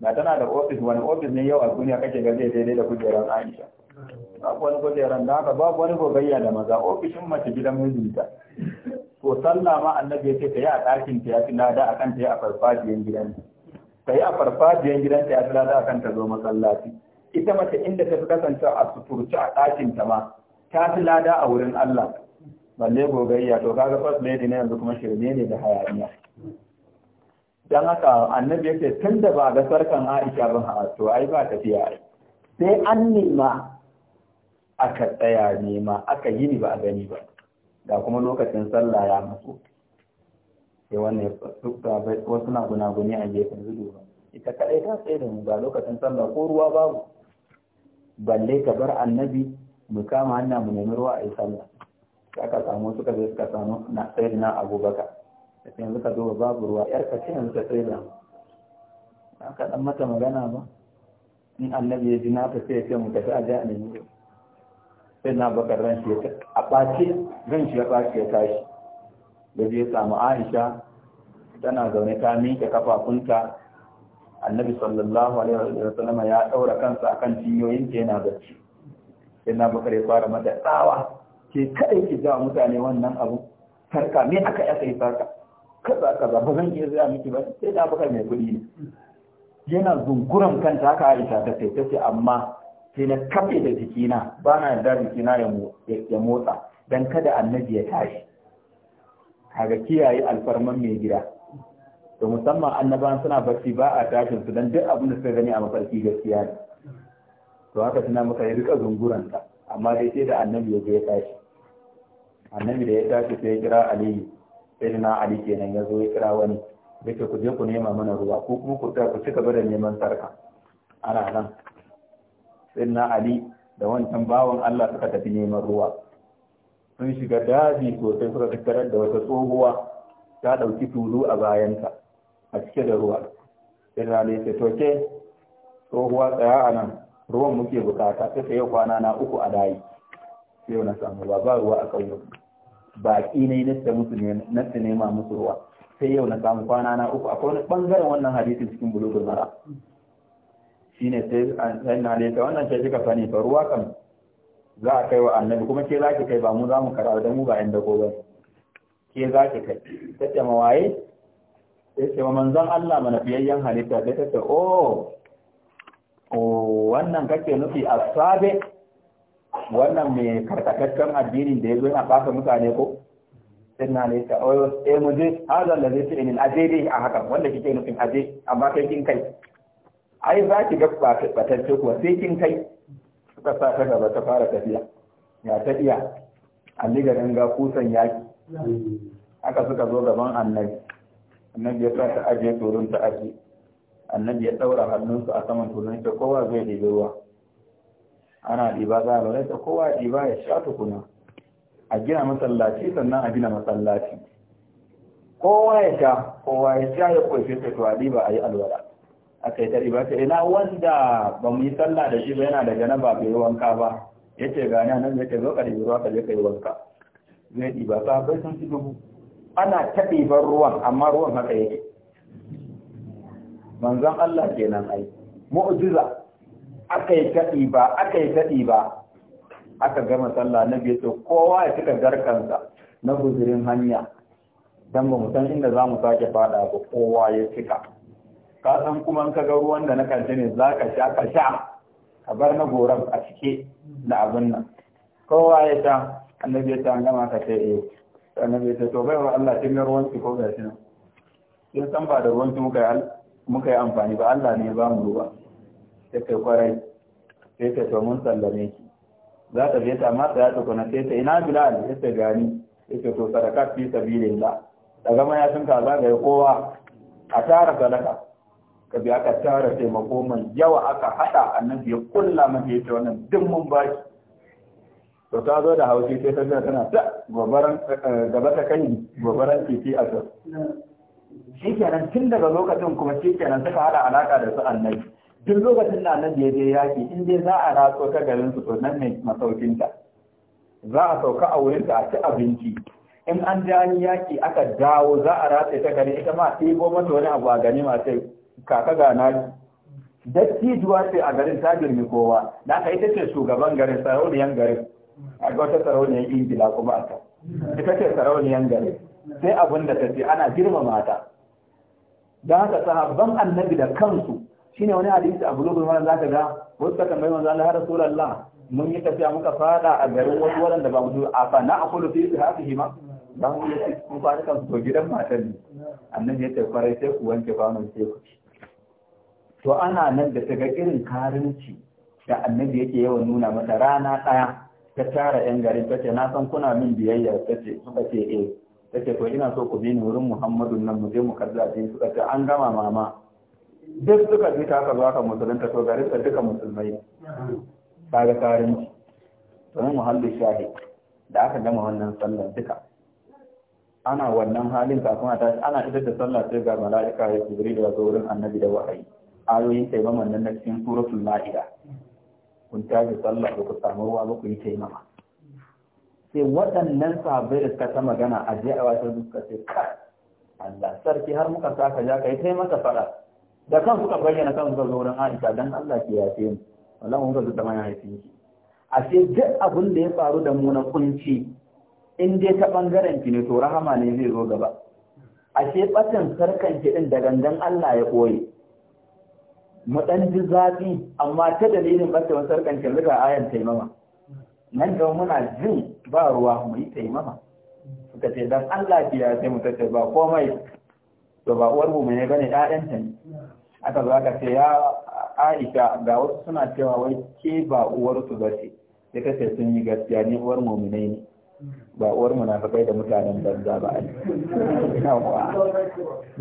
ba tana da office wani office ne yau a duniya kake ga zai daidai da kujerar Aisha babu wani kujeran da haka babu wani gogayya da maza ofishin mace gidan mijinta to sallah ma annabi yace ta yi a ɗakin ta yafi lada kan ta yi a farfajiyan gidan ta yi a farfajiyan gidan ta yafi lada kan ta zo masallaci ita mace inda ta fi kasance a suturci a ɗakin ta ma ta fi lada a wurin Allah balle gogayya to kaga first lady ne yanzu kuma shirme ne da hayaniya dan haka annabi yace tunda ba ga sarkan Aisha ban ha to ai ba tafiya sai an nema aka tsaya nema aka yi ni ba a gani ba da kuma lokacin sallah ya matso sai wannan wasu na gunaguni a gefen zudu ba ita kaɗai ta tsaye da mu ba lokacin sallah ko ruwa babu balle ka bar annabi mu kama hanya mu nemi ruwa a yi sallah aka samu suka zai suka samu na tsaye na abubakar da sai yanzu ka zo babu ruwa yar ka ce yanzu ka tsaye da mu ka dan mata magana ba in annabi ya ji na ta sai ya ce mu tafi a ji a nemi ruwa sai na bakar ran shi a ɓace ran shi ya ɓace ya tashi da zai samu aisha tana zaune ta miƙe kafafunta annabi sallallahu alaihi wa sallama ya ɗaura kansa akan ta yana bacci sai na bakar ya fara mata tsawa ke kaɗai ki za mutane wannan abu sarka me aka yi aka yi sarka kaza kaza ba zan iya zuwa miki ba sai na bakar mai kuɗi ne yana zunguran kanta haka aisha ta sai ta ce amma sai na kafe da jikina ba na yarda jikina ya motsa don kada annabi ya tashi kaga kiyaye alfarman mai gida da musamman annaban suna barci ba a tashin su don duk abin da suka gani a mafarki gaskiya ne to haka suna maka ya rika zunguranta amma dai sai da annabi ya ya tashi annabi da ya tashi sai ya kira aliyu sai na ali kenan ya zo ya kira wani yake ku je ku nema mana ruwa ko kuma ku ku ci gaba da neman sarka ana nan sayyidina ali da wancan bawan Allah suka tafi neman ruwa sun shiga daji sosai suka tattarar da wata tsohuwa ta ɗauki tulu a bayanta a cike da ruwa sai na ya to tsohuwa tsaya a nan ruwan muke bukata ta yi kwana na uku a dayi sai na samu ba ba ruwa a ƙauyen baƙi ne na musu na nema musu ruwa sai yau na samu kwana na uku akwai wani bangaren wannan hadisin cikin bulugul mara shine sai sai na ne ta wannan ce suka sani fa ruwa kan za a kai wa annabi kuma ke za ki kai ba mu za mu kara da mu ba yan dago ba ke za ki kai ta ce mawaye sai ce manzon Allah mana fiyayyen halitta sai ta ce oh oh wannan kake nufi asabe wannan mai karkataccen addinin da ya zo yana fasa mutane ko sai na ne ta oh eh mu je hazan da zai ce in aje dai a hakan wanda kike nufin aje amma kai kin kai ai za ki ga batacce kuwa sai kin kai suka sa ta gaba ta fara tafiya ya ta iya alligarin ga kusan yaki aka suka zo gaban annabi annabi ya sa ta ajiye turun ta ajiye annabi ya ɗaura hannunsu a saman turun ta kowa zai ɗibi ruwa ana ɗiba za a lura ta kowa ɗiba ya sha tukuna a gina masallaci sannan a gina masallaci kowa ya sha kowa ya sha ya kwaifin ta to a ɗiba a yi alwala aka yi tari ba ta ina wanda ba mu yi sallah da shi ba yana da janaba bai wanka ba ya ce gani nan ya ce zo ka ɗibi ruwa ka je ka yi wanka zai ɗiba ta bai sun ci dubu ana ta ban ruwan amma ruwan haka yake manzon Allah kenan ai mu'jiza aka yi taɗi ba aka yi ta ba aka gama sallah na biyu to kowa ya cika garkansa na guzurin hanya dan ba mu san inda za mu sake fada ba kowa ya cika ka san kuma in ka ga ruwan da na karshe ne za ka sha ka sha ka bar na goran a cike da abin nan kowa ya sha annabi ya ta gama ka ce eh annabi ya to bai wa Allah kin ga ruwan ki ko ga shi nan Sai san ba da ruwan ki muka yi muka yi amfani ba Allah ne ya ba mu ruwa sai kai kwarai sai ta to mun sallame ki za ta je ta mata ya tukuna sai ta ina bilal ya ta gani ya to sadaka fi sabilillah daga mayafin ka za ga kowa a tara sadaka ka bi aka tara taimako mai yawa aka haɗa annabi ya kulla mafi ita wannan duk mun ba to ta zo da haushi sai ta ga tana ta gobaran eh, gaba ta kai gobaran titi a ta shi kenan tun daga lokacin kuma shi kenan suka haɗa alaka da su annabi duk lokacin da annabi ya je yaki in dai za a ratso ta garin su to nan ne masaukinta za a sauka a wurinta a ci abinci in an ja yaki aka dawo za a ratse ta gari ita ma ɗibo mata wani abu a gani ma sai kaka ga na dattijuwa ce a garin ta girmi kowa da aka ita ce shugaban garin sarauniyan garin a ga wata sarauniyan ingila kuma a ta ita ce sarauniyan garin sai abin da ta ce ana girmamata. mata don haka sahabban annabi da kansu shine wani hadisi a bulugul mana za ka ga wasu ka tambayi manzo Allah rasulullah mun yi tafiya muka fada a garin wasu waɗanda ba mu a fa na aqulu fi hadhihi ma dan mu yi mu fara kan to gidan matan ne annabi ya ce kwarai sai ku wanke kwanon sai ku ci to ana nan da ta ga irin karinci da annabi yake yawan nuna mata rana ɗaya ta tara ƴan garin ta ce na san kuna min biyayya ta ce suka ce eh ta ce to ina so ku bi ni wurin muhammadu nan mu je mu karza je suka ce an gama mama duk suka bi ta zo musulun musulunta to garin ta duka musulmai ga karinci to nan muhallin shahi da aka gama wannan sallar duka ana wannan halin kafin a tashi ana idar da sallah sai ga mala'ika ya jibril da zo wurin annabi da wa'ayi ayoyin taimaman nan na cikin suratul la'ida. kun tashi sallah da ku samu ruwa ba ku yi taimama sai waɗannan sabai da suka ta magana a je a wata suka ce ka Allah sarki har muka sa ka ja ka yi maka fara da kan suka bayyana kan suka zo wurin Aisha dan Allah ke yafe mu wallahi mun ga da mai haifin ki ashe duk abin da ya faru da mu na kunci in dai ta bangaren ki ne to rahama ne zai zo gaba ashe batan sarkan ki din da gangan Allah ya koyi mu ɗan ji zafi amma ta dalilin ɓata wasar sarƙancin daga ayan taimama nan da muna jin ba ruwa mu yi taimama suka ce dan Allah ya sai mu tace ba komai to ba uwar mu ne bane ɗaɗanta ne aka zo aka ce ya Aisha ga wasu suna cewa wai ke ba uwar su bace sai ka ce sun yi gaskiya ni uwar mu ne ba uwar mu na da mutanen banza ba ai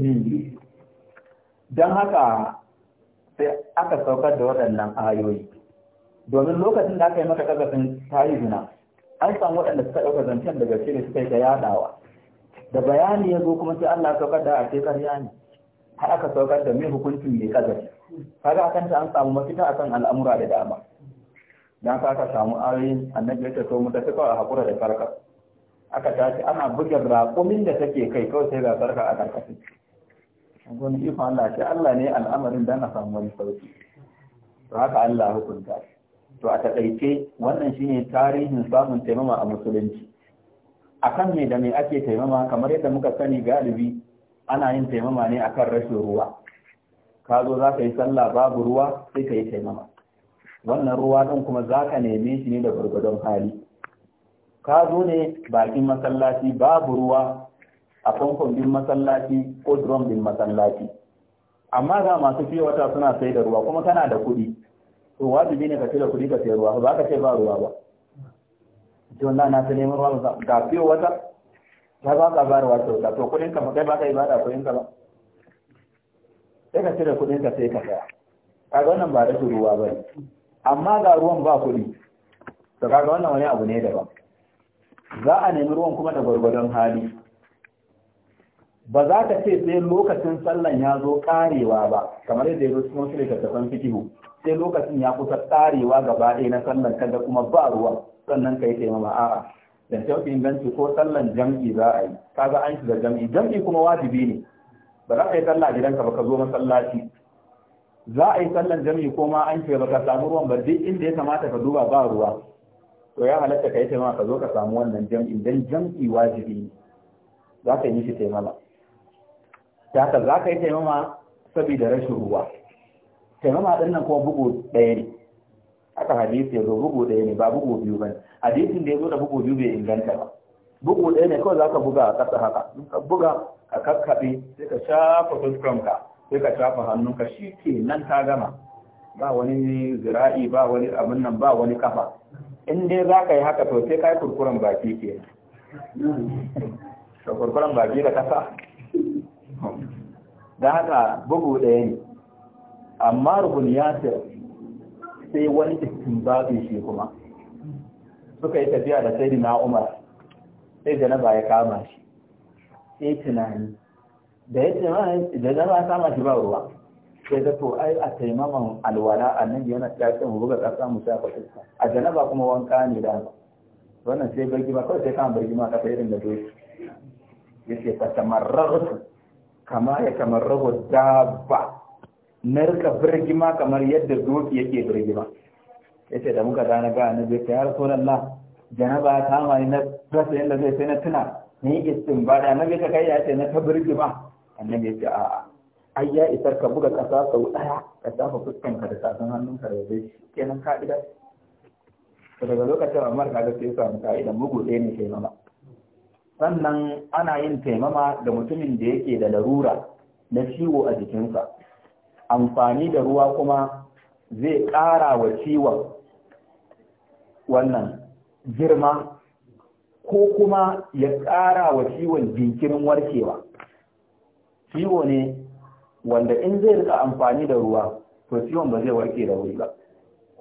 hmm. dan haka sai aka saukar da waɗannan ayoyi domin lokacin da aka yi maka kazafin tayi zina an samu waɗanda suka ɗauka zancen daga cire suka yi ta yaɗawa da bayani ya zo kuma sai Allah ya saukar da a ce ƙarya ne har aka saukar da mai hukuncin mai kazafi kaga akan kanta an samu mafita akan al'amura da dama dan ka aka samu ayoyin annabi ya tafi mu da suka a haƙura da farka aka tashi ana buga raƙumin da take kai kawai sai ga farka a ƙarƙashin wani ikon Allah ce Allah ne al'amarin dan a samu wani sauki to haka Allah hukunta to a taƙaice wannan shine tarihin samun taimama a musulunci akan me da me ake taimama kamar yadda muka sani galibi ana yin taimama ne akan rashin ruwa ka zo za ka yi sallah babu ruwa sai ka yi taimama wannan ruwa ɗin kuma za ka neme shi ne da gwargwadon hali ka zo ne bakin masallaci babu ruwa a famfon din masallaci ko drum din masallaci amma ga masu fiye wata suna sai da ruwa kuma kana da kuɗi to wajibi ne ka ce da kuɗi ka sai ruwa ba ka ce ba ruwa ba to na na ta neman ruwa ba ga fiye wata ta ba ka ba ruwa kyauta to kuɗin ka kai ba ka ibada kuɗin ka ba sai ka cire kuɗin ka sai ka saya kaga wannan ba rashin ruwa ba ne amma ga ruwan ba kuɗi to kaga wannan wani abu ne daban za a nemi ruwan kuma da gwargwadon hali ba za ka ce sai lokacin sallan ya zo karewa ba kamar yadda ya zo cikin wasu littattafan fikihu sai lokacin ya kusa karewa gaba ɗaya na sallan kada kuma ba ruwa sannan ka yi taimama a'a da sauƙi inganci ko sallan jam'i za a yi Ka ga an shiga jam'i jam'i kuma wajibi ne ba za ka yi sallah gidanka ba ka zo masallaci za a yi sallan jam'i ko ma an shiga ba ka samu ruwan ba duk inda ya kamata ka duba ba ruwa to ya halatta ka yi taimama ka zo ka samu wannan jam'i dan jam'i wajibi ne za ka yi shi taimama ta haka za ka yi taimama saboda rashin ruwa taimama ɗin nan kuma bugu ɗaya ne aka hadisi ya zo bugu ɗaya ne ba bugu biyu ba hadisin da ya zo da bugu biyu bai inganta ba bugu ɗaya ne kawai za ka buga a ƙasa haka in ka buga ka kakkaɓe sai ka shafa fuskanka sai ka shafa hannunka shi ke nan ta gama ba wani zira'i ba wani abin nan ba wani kafa in dai za ka yi haka to sai ka yi kurkuren baki ke ka kurkuren baki da kasa da haka bugu ɗaya ne amma rubun yasir sai wani istinbabin shi kuma suka yi tafiya da sai na umar sai janaba ya kama shi sai tunani da ya tunani da janaba ya kama shi ba ruwa sai da to ai a taimaman alwala nan yana tsakin mu buga tsaka mu shafa fuska a janaba kuma wanka ne da wannan sai bargima kawai sai kama bargima ta fa irin da doki yace fatamarrartu kama ya kamar rahu dabba na rika birgima kamar yadda doki yake birgima ya ce da muka dana ga na bai ya rasu na janaba ta mani na rasa yadda zai sai na tuna ni istin ba da annabi ta kai ya ce na ta birgima annabi ya ce a'a ai ya isar ka buga kasa sau daya ka tafa fuskanka da hannun hannunka da zai kenan ka'ida ida daga lokacin amar ga sai samu ka'ida mugu ɗaya ne ke mama sannan ana yin taimama da mutumin da yake da larura na ciwo a jikinsa amfani da ruwa kuma zai ƙara wa ciwon wannan girma ko kuma ya ƙara wa ciwon jinkirin warkewa ciwo ne wanda in zai rika amfani da ruwa to ciwon ba zai warke da wuri ba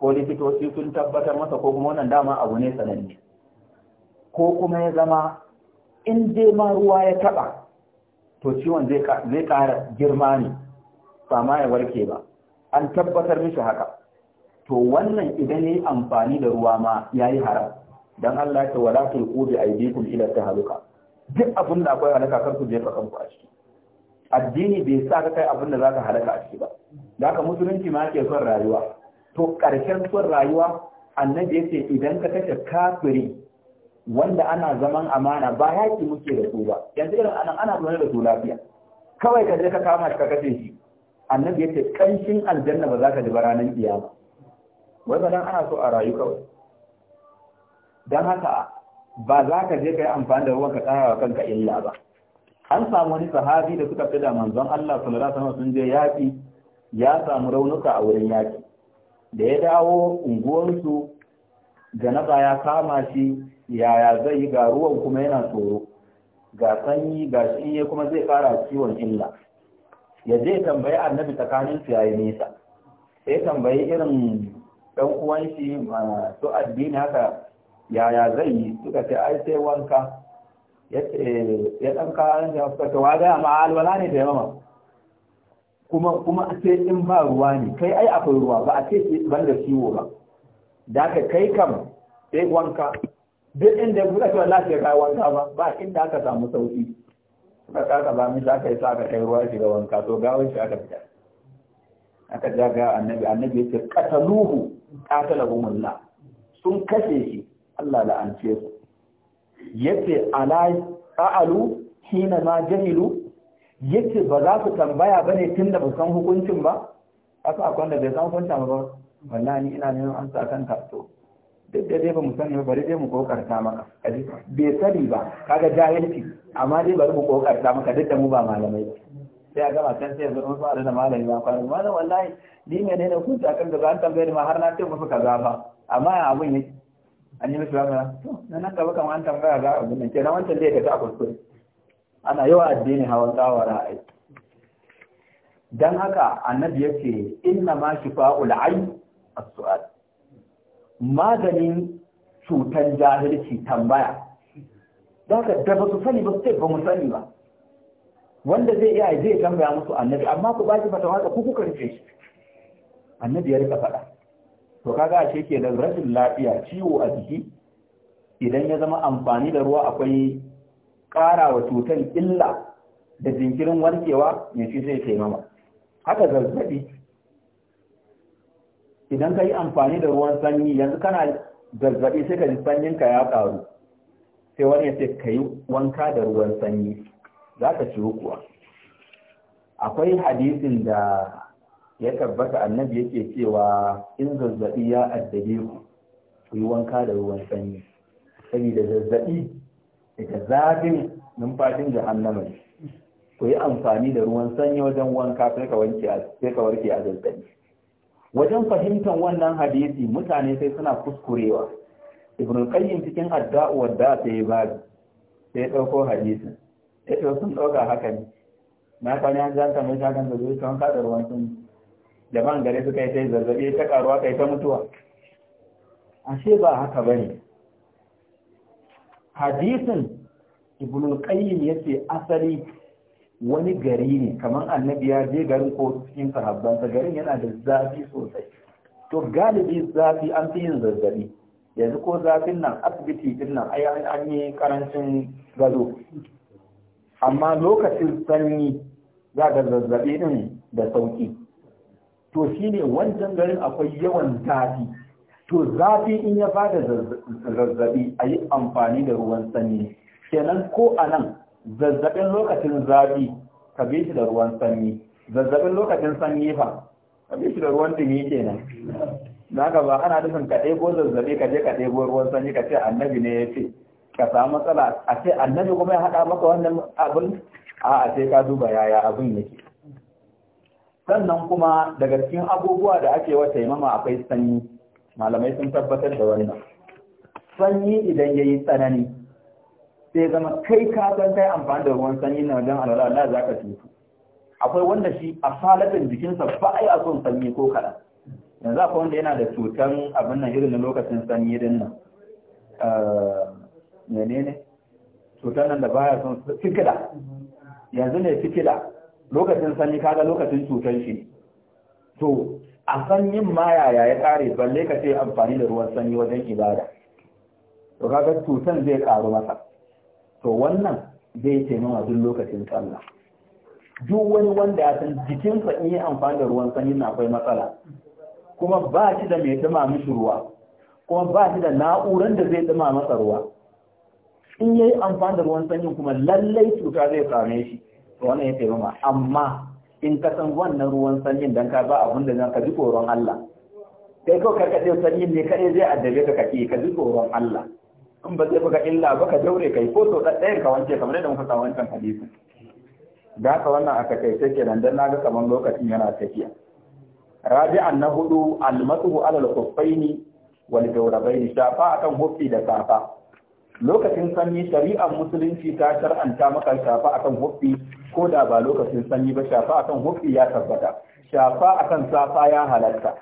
ko likitoci sun tabbatar masa ko kuma wannan dama abu ne sananne ko kuma ya zama in dai ma ruwa ya taɓa to ciwon zai kara girma ne ba ma ya warke ba an tabbatar mishi haka to wannan idan ya yi amfani da ruwa ma ya yi haram don Allah ta wala tulqu bi aydikum ila tahluka duk abin da akwai halaka kar ku jefa kanku a ciki addini bai sa ka kai abin da zaka halaka a ciki ba da haka musulunci ma ke son rayuwa to karshen son rayuwa annabi ce idan ka kashe kafiri wanda ana zaman amana ba yaki muke da su ba yanzu irin anan ana zaune da su lafiya kawai ka je ka kama shi ka kace shi annabi yace kanshin aljanna ba za ka ji ba ranar kiyama wai ba dan ana so a rayu kawai dan haka ba za ka je ka yi amfani da ruwan ka tsaya wa kanka illa ba an samu wani sahabi da suka fi da manzon Allah sallallahu alaihi wasallam sun je yaki ya samu raunuka a wurin yaki da ya dawo unguwarsu janaba ya kama shi yaya zai yi ga ruwan kuma yana tsoro ga sanyi ga shiye kuma zai fara ciwon illa ya je tambayi annabi tsakanin su yayi nisa sai tambayi irin dan uwan shi su addini haka yaya zai yi suka ce ai sai wanka ya dan kayan ya suka ce waga ma alwala ne da mama kuma kuma sai in ba ruwa ne kai ai akwai ruwa ba a ce ban da ciwo ba da kai kam sai wanka duk inda ya ce wallahi sai kayan wanka ba ba inda aka samu sauki suka kasa ba mi aka yi sa ka kai ruwa ga wanka to gawon shi aka fita aka ja ga annabi annabi ya ce yace qataluhu qatalahumullah sun kashe shi Allah la'ance su ce ala ta'alu hina ma jahilu ce ba za su tambaya ba ne tun da ba san hukuncin ba aka akwai da bai san hukuncin ba wallahi ina neman amsa kan kafto duk da dai ba mu sani ba bari dai mu kokarta maka bai sani ba kaga jahilci amma dai bari mu kokarta maka duk da mu ba malamai ba sai a gama can sai yanzu in fara da malami ba kwanan malam wallahi ni ne ne na kunta kan da an tambaye ma har na ce musu kaza ba amma abun yake an yi musu rama to na nan gaba kan an tambaya ga abun nan kenan wancan zai tafi a kuskure ana yawa addini hawan tsawara ai dan haka annabi yace inna ma shifa'ul ayn as-su'al maganin cutar jahilci tambaya Za ka da ba su sani ba su ce ba mu sani ba wanda zai iya zai tambaya musu annabi amma ku ba shi fata wata ku kuka rufe shi annabi ya rika faɗa to kaga a ke da rashin lafiya ciwo a jiki idan ya zama amfani da ruwa akwai ƙara wa cutar illa da jinkirin warkewa ya shi zai taimama haka zazzabi idan ka yi amfani da ruwan sanyi yanzu kana zazzabi sai ka ji sanyinka ya ƙaru sai wani ya ce ka yi wanka da ruwan sanyi za ka ci kuwa akwai hadisin da ya tabbata annabi yake cewa in zazzaɓi ya addabe ku ku yi wanka da ruwan sanyi saboda zazzabi daga zafin numfashin jahannama ne ku yi amfani da ruwan sanyi wajen wanka sai ka ka warke a zazzabi wajen fahimtar wannan hadisi mutane sai suna kuskurewa ibn qayyim cikin adda'u wadda sai ba sai dauko hadisin sai to sun dauka haka ne na kwani an zanta mai shakan da zuwa kan kadar wancan jama'an gare suka kai sai zazzabi ta karuwa kai ta mutuwa ashe ba haka bane hadisin ibn qayyim yace asali wani gari ne kamar annabi ya je garin ko cikin sahabbansa garin yana da zafi sosai to galibi zafi an fi yin zazzabi yanzu ko zafin nan asibiti din nan ai an yi karancin gado amma lokacin sanyi za ga zazzabi din da sauki to shine wancan garin akwai yawan zafi to zafi in ya bada zazzabi a yi amfani da ruwan sanyi kenan ko a nan zazzabin lokacin zafi ka bi shi da ruwan sanyi zazzabin lokacin sanyi fa ka bi shi da ruwan dumi kenan da haka ba ana dukan ka ɗebo zazzabe ka je ka ɗebo ruwan sanyi ka ce annabi ne ya ce ka samu matsala a ce annabi kuma ya haɗa maka wannan abin a a sai ka duba yaya abin yake sannan kuma daga cikin abubuwa da ake wata taimama akwai sanyi malamai sun tabbatar da wannan sanyi idan ya yi tsanani sai zama kai ka san kai amfani da ruwan sanyi na wajen alwala na za ka tutu. akwai wanda shi a falatan jikinsa ba a yi a son sanyi ko kaɗan yanzu akwai wanda yana da cutan abin nan irin na lokacin sanyi din nan eh, Mene ne? cutan nan da baya son fikila yanzu ne fikila lokacin sanyi kaga lokacin cutan shi to a sanyin ma yaya ya kare balle ka ce amfani da ruwan sanyi wajen ibada to kaga cutan zai karu masa to wannan zai taimama duk lokacin sallah duk wani wanda ya san jikinsa in yi amfani da ruwan sanyi na akwai matsala kuma ba shi da mai dama mishi ruwa kuma ba shi da na'uran da zai dama masa ruwa in yi amfani da ruwan sanyi kuma lallai cuta zai same shi to wannan ya taimama amma in ka san wannan ruwan sanyin dan ka ba abin da zan ka ji tsoron Allah kai kawai karkashin sanyin ne kaɗai zai addabe ka kake ka ji tsoron Allah in ba zai buga illa ba ka daure kai ko sau ɗayan ka wanke kamar yadda muka samu wancan hadisin da ka wannan aka kai take nan dan naga kamar lokacin yana tafiya rabi'an na hudu almasu alal kuffaini wal jawrabaini shafa akan hufi da safa lokacin sanyi shari'ar musulunci ta shar'anta maka shafa akan hufi ko da ba lokacin sanyi ba shafa akan hufi ya tabbata shafa akan safa ya halatta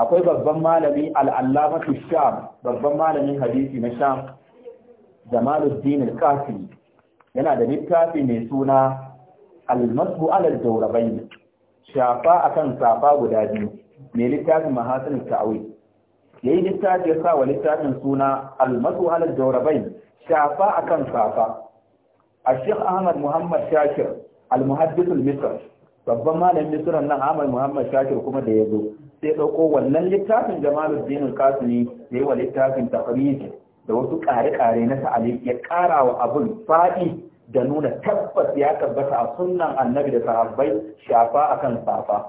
akwai babban malami al'allamatu sham babban malamin hadisi na sham jamaluddin al-kafi yana da littafi mai suna al-masu alal jaurabai shafa akan safa guda biyu mai littafin mahasin ta'awi yi littafi ya sa wa littafin suna al-masu alal jaurabai shafa akan safa الشيخ أحمد محمد شاكر المحدث المصر babban malamin misiran nan Ahmad Muhammad Shakir kuma da ya zo. sai ɗauko wannan littafin jamaluddin al-kasumi da yi wa littafin tafariji da wasu ƙare-ƙare na ta'alif ya ƙara wa abin faɗi da nuna tabbas ya tabbata a sunnan annabi da sahabbai shafa akan safa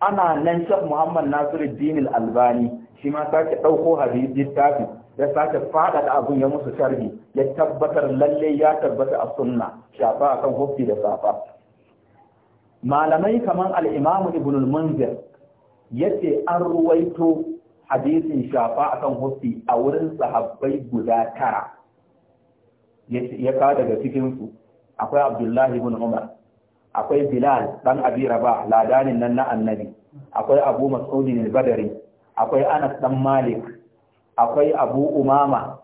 ana nan shaf muhammad nasiruddin albani shi ma sake ɗauko littafin ya sake faɗaɗa abin ya musu sharhi ya tabbatar lalle ya tabbata a sunna shafa akan hufi da safa malamai kamar al-imamu ibn al-munzir yace an ruwaito hadisin shafa akan hufi a wurin sahabbai guda tara ya ka daga cikinsu akwai abdullahi ibn umar akwai bilal dan abi rabah ladanin nan na annabi akwai abu mas'udin al-badari akwai anas dan malik akwai abu umama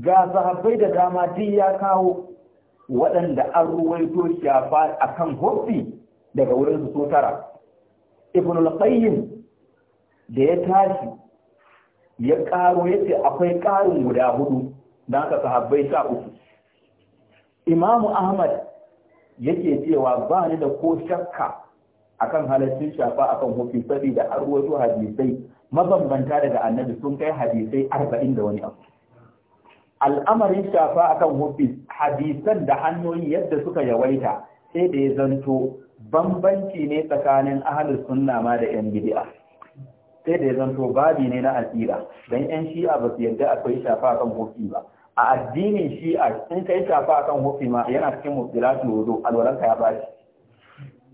ga sahabbai da dama duk ya kawo waɗanda an ruwaito shafa akan hufi daga wurin su tara ibn al-qayyim da ya tashi ya karo yace akwai karin guda hudu dan haka sahabbai sa uku Imam ahmad yake cewa ba ni da ko shakka akan halaccin shafa akan hufi saboda an wato hadisai mabambanta daga annabi sun kai hadisai arba'in da wani abu al'amarin shafa akan hufi hadisan da hanyoyi yadda suka yawaita sai da ya zanto bambanci ne tsakanin ahalus sunna ma da yan bid'a sai da ya zanto babi ne na asira don yan shi'a ba su yarda akwai shafa kan hufi ba a addinin shi'a in kai shafa kan hufi ma yana cikin mutilatu wudu alwalanka ya bashi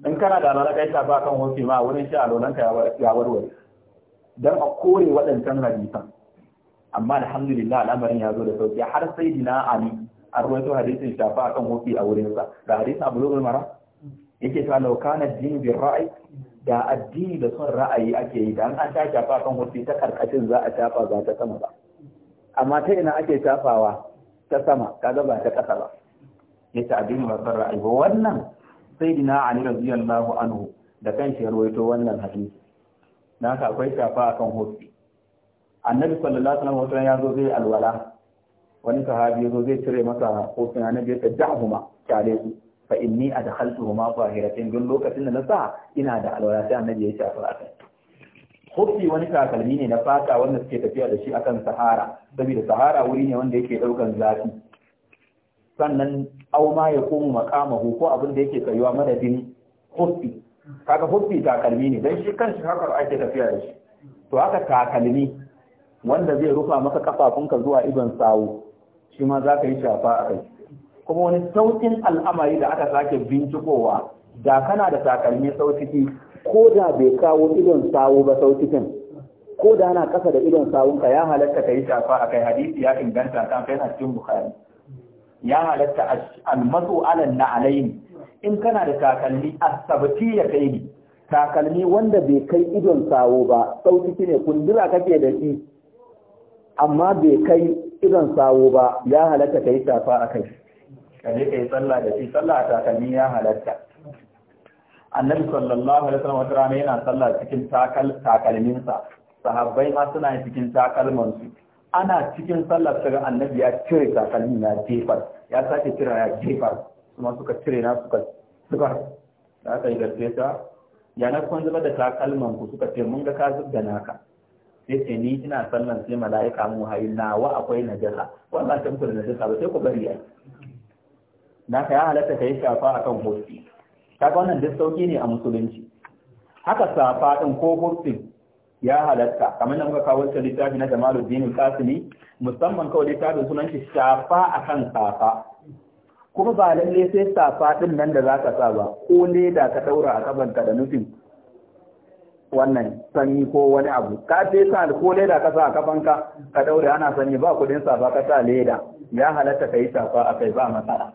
in kana da alwalanka ya shafa kan hufi ma wurin shi alwalanka ya warware don a kore waɗancan hadisan amma alhamdulillah al'amarin ya zo da sauki har sai dina ali an ruwaito hadisin shafa kan hufi a wurinsa da hadisin abu zuwa mara yake ta laukana dini bin ra'ayi da addini da son ra'ayi ake yi da an ta shafa kan wasu ta karkashin za a shafa ba ta sama ba amma ta ina ake shafawa ta sama ta ba ta kasa ba yace addini ba son ra'ayi ba wannan sai sayyidina ali radiyallahu anhu da kan shi rawaito wannan hadisi Na ka akwai shafa kan hosi annabi sallallahu alaihi wasallam ya zo zai alwala wani sahabi ya zo zai cire masa hosin annabi ya ta jahuma kyale su fa inni adkhaltuhu ma zahiratin duk lokacin da na sa ina da alwala sai annabi ya shafa a kai hufi wani takalmi ne na fata wanda suke tafiya da shi akan sahara saboda sahara wuri ne wanda yake daukan zafi sannan au ma ya komu makama ko abin da yake tsayuwa madadin hufi kaga hufi takalmi ne dan shi kanshi haka ake tafiya da shi to haka takalmi wanda zai rufa maka kafafunka zuwa idon sawu shi ma za yi shafa a kai kuma wani sautin al'amari da aka sake bincikowa da kana da takalmi sautiki ko da bai kawo idon sawu ba sautikin ko da ana kasa da idon ka ya halatta ka yi shafa a kai hadisi ya inganta kan kai cikin bukari ya halatta almasu alal na alaini in kana da takalmi asabti ya kai ni takalmi wanda bai kai idon sawo ba sautiki ne kundura kake da shi amma bai kai idon sawo ba ya halatta ka yi shafa a kai Kaje kai ka yi sallah da shi sallah a takalmi ya halatta annabi sallallahu alaihi wasallam wata rana yana sallah cikin takalminsa sahabbai ma suna yin cikin su ana cikin sallar ta annabi ya cire takalmin na jefar ya sake cire ya jefar kuma suka cire na suka suka da kai yi garfe ta ya na kun zuba da takalman ku suka ce mun ga ka zubda naka sai ce ni ina sallan sai mala'ika mu hayi nawa akwai najasa wannan tun da najasa ba sai ku bari ya da ka ya halatta ka yi shafa a kan hosti kaga wannan duk sauki ne a musulunci haka safa ɗin ko hosti ya halatta kamar da muka kawo wancan littafi na Jamalu dini qasimi musamman kawai littafin sunan shi shafa akan safa kuma ba lalle sai safa din nan da za ka sa ba ko leda ka daura a kabanka da nufin wannan sanyi ko wani abu ka sai sa ko leda ka sa a kafanka ka daure ana sanyi ba kuɗin safa ka sa leda ya halatta ka kai safa kai ba matsala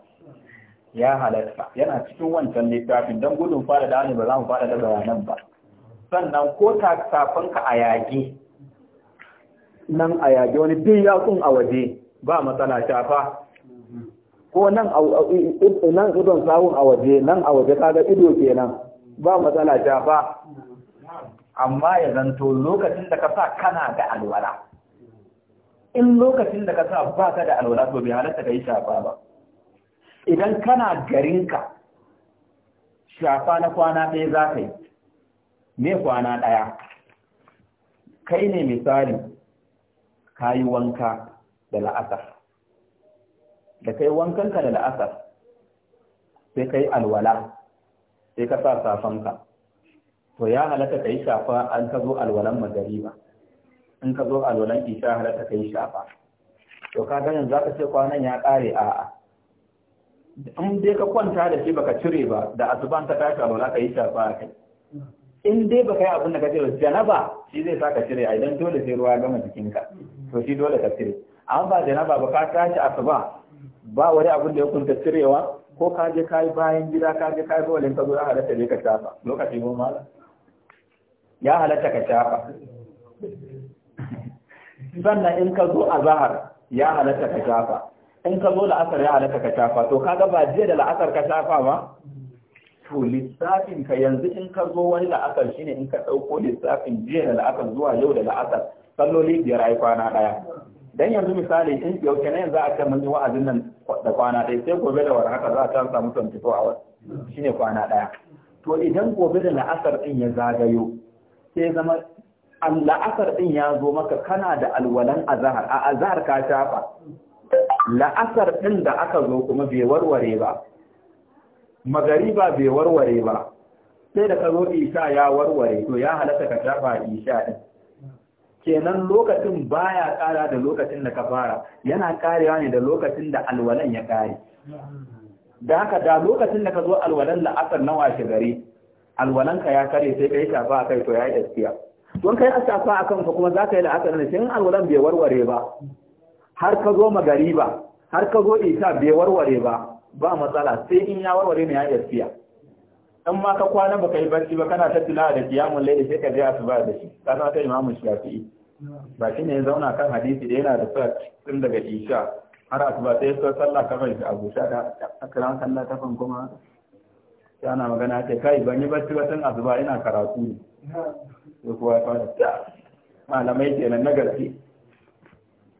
ya halatta yana cikin wancan littafin don gudun fada da ba za mu fada da bayanan ba sannan ko ta safanka a yage nan a yage wani bin yatsun a waje ba matsala shafa ko nan nan idon sawun a waje nan a waje ga ido kenan ba matsala shafa amma ya zanto lokacin da ka sa kana da alwala in lokacin da ka sa ba ka da alwala to bai halatta ka yi shafa ba idan kana garinka shafa na kwana ɗaya za ka yi me kwana ɗaya kai ne misali ka yi wanka da la'asar da kai wankanka da la'asar sai ka yi alwala sai ka sa safonka to ya halatta ka yi shafa an ka zo alwalan magariba in ka zo alwalan isha halatta ka yi shafa to ka ganin za ka ce kwanan ya ƙare a'a in dai ka kwanta da shi baka cire ba da azuban ta ka alwala ka yi shafa a kai in dai baka yi abin da ka cire janaba shi zai sa ka cire a idan dole sai ruwa gama jikinka to shi dole ka cire amma ba janaba ba ka tashi asuba ba wani abin da ya kunta cirewa ko ka je kai bayan gida ka je kai bawalin ka zo ya halatta ne ka shafa lokaci mun mala ya halatta ka shafa sannan in ka zo a zahar ya halatta ka shafa in ka zo la'asar ya halatta ka shafa to ga ba jiya da la'asar ka shafa ba to lissafin ka yanzu in ka zo wani la'asar shine in ka ɗauko lissafin jiya da la'asar zuwa yau da la'asar salloli biyar ai kwana ɗaya dan yanzu misali in yau kenan za a ce mun yi wa'azin nan da kwana ɗaya sai gobe da war haka za a ta samu 24 hours shine kwana ɗaya to idan gobe da la'asar din ya zagayo sai zama la'asar din ya zo maka kana da alwalan azhar a azhar ka shafa la'asar ɗin da aka zo kuma bai warware ba Magari ba bai warware ba sai da ka zo isha ya warware to ya halatta ka shafa isha ɗin kenan lokacin baya ƙara da lokacin da ka fara yana ƙarewa ne da lokacin da alwalan ya ƙare da haka da lokacin da ka zo alwalan la'asar na washe gari ka ya kare sai ka yi shafa a kai to ya yi gaskiya don ka a shafa a kanka kuma za ka yi la'asar ne sai alwalan bai warware ba har ka zo ba har ka zo isa bai warware ba ba matsala sai in ya warware ne ya iya siya in ma ka kwana baka yi barci ba kana ta tilawa da kiyamun laifi sai ka je asuba da shi ka san ta imamu shafi'i ba shi ne ya zauna kan hadisi da yana da sa tun daga isha har asuba sai ya sallah kamar da abu sha da akran sallah ta fan kuma ya ana magana ce kai ban yi barci ba tun asuba ina karatu ne Ya ya fara ta malamai kenan na gaske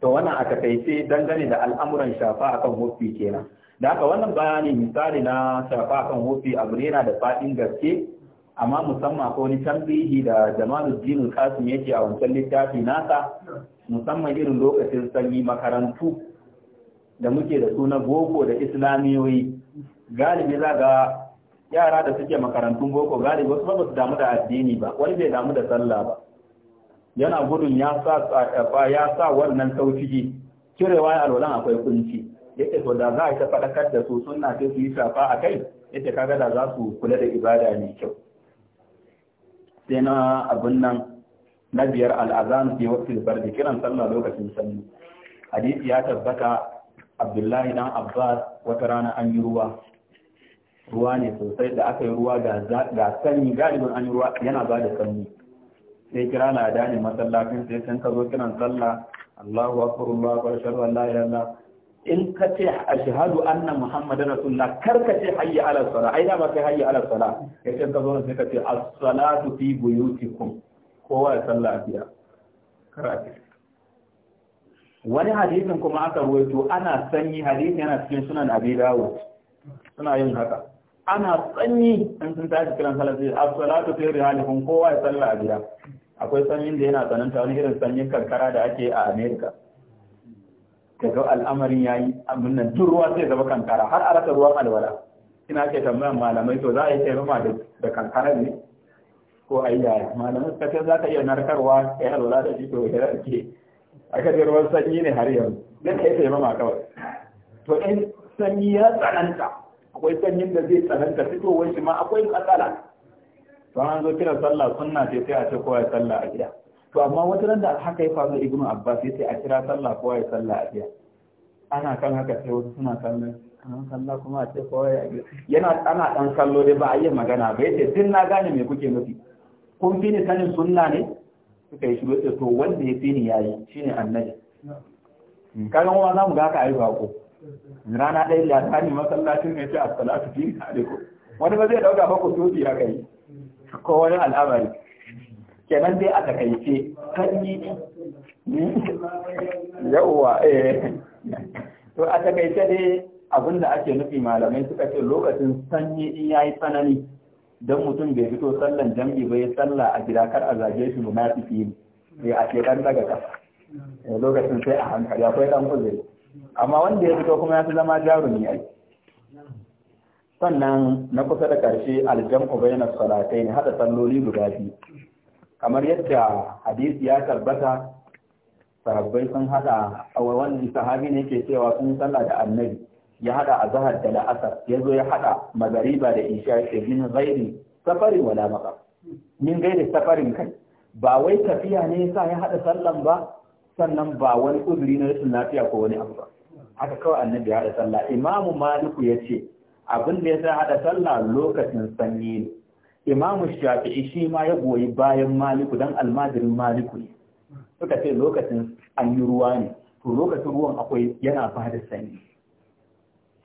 to wannan a takaice dangane da al'amuran shafa akan hufi kenan da haka wannan bayani misali na shafa akan hufi abu ne yana da faɗin gaske amma musamman ko wani tambihi da jamaluddin kasim yake a wancan littafi nasa musamman irin lokacin sanyi makarantu da muke da suna boko da islamiyoyi galibi za ga yara da suke makarantun boko galibi wasu ba su damu da addini ba wani bai damu da sallah ba yana gudun ya sa tsafa eh, ya sa wannan sauciji cirewa ya alwalan akwai kunci yake to da za a ta faɗakar da su suna sai su yi shafa a kai yadda kaga da za su kula da ibada mai kyau sai na abin nan na biyar al'azan fi wakil bardi kiran sallah lokacin sanyi hadisi ya tabbata abdullahi dan abbas wata rana an yi ruwa ruwa ne sosai da aka yi ruwa ga sanyi galibin an yi ruwa yana ba da sanyi sai kira na ne masallacin sai sun ka zo kiran sallah Allahu akbar Allahu akbar ashhadu an la ilaha in ka ce a ashhadu anna muhammadan rasulullah kar ka ce hayya ala salat ai ba kai hayya ala salat kai sai ka zo sai ka ce as-salatu fi buyutikum kowa ya sallah a gida kar a ce wani hadisin kuma aka ruwaito ana sanyi hadisin yana cikin sunan abi dawud suna yin haka ana tsanyi in sun tashi kiran sallah sai as-salatu fi rihalihum kowa ya salla a gida akwai sanyin da yana tsananta wani irin sanyin karkara da ake a America kaga al'amarin yayi abin nan tun ruwa sai zama kankara har a rasa ruwan alwala ina ke tambayan malamai to za a yi taimama da kankara ne ko a yi yaya malamai suka ce za ka iya narkarwa yi alwala da shi to ya rake aka je ruwan sanyi ne har yanzu zai ka yi taimama kawai to in sanyi ya tsananta akwai sanyin da zai tsananta fitowar shi ma akwai matsala to an zo kira sallah sunna sai sai a ce kowa ya sallah a gida to amma wata nan da haka ya faru ibnu abbas sai a kira sallah kowa ya sallah a gida ana kan haka sai wasu suna kallon an sallah kuma a ce kowa ya gida yana ana dan kallo dai ba a yi magana ba yace din na gane me kuke nufi kun fi ni sanin sunna ne suka yi shiru to wanda ya fi ni yayi shine annabi kaga mu ma za mu ga ka ayi bako rana ɗaya latani masallacin ya ce asalatu fi alaikum wani ba zai dauka ba ku tofi ya kai ko wani al'amari kenan dai a takaice kan yi hmm? yauwa eh to a takaice dai abin da ake nufi malamai suka ce lokacin sanyi in ya yi tsanani don mutum bai fito sallan jam'i ba ya salla a gida kar a zage shi munafiki ne a ce daga kasa lokacin sai a hankali akwai dan kuzari amma wanda ya fito kuma ya fi zama jarumi ai sannan na kusa da ƙarshe aljam'u bayna salatai ne hada salloli guda biyu kamar yadda hadisi ya tabbata sahabbai sun hada a wani sahabi ne ke cewa sun sallah da annabi ya hada Zahar da la'asar ya zo ya hada magariba da isha ke min ghairi safari wala maka min gairi safarin kai ba wai tafiya ne ya sa ya haɗa sallan ba sannan ba wani uzuri na rashin lafiya ko wani abu ba haka kawai annabi ya haɗa sallah imamu maliku ya ce abin da ya sa haɗa sallah lokacin sanyi ne imamu shafi'i shi ma ya goyi bayan maliku dan almajirin maliku ne suka ce lokacin an yi ruwa ne to lokacin ruwan akwai yana ba da sanyi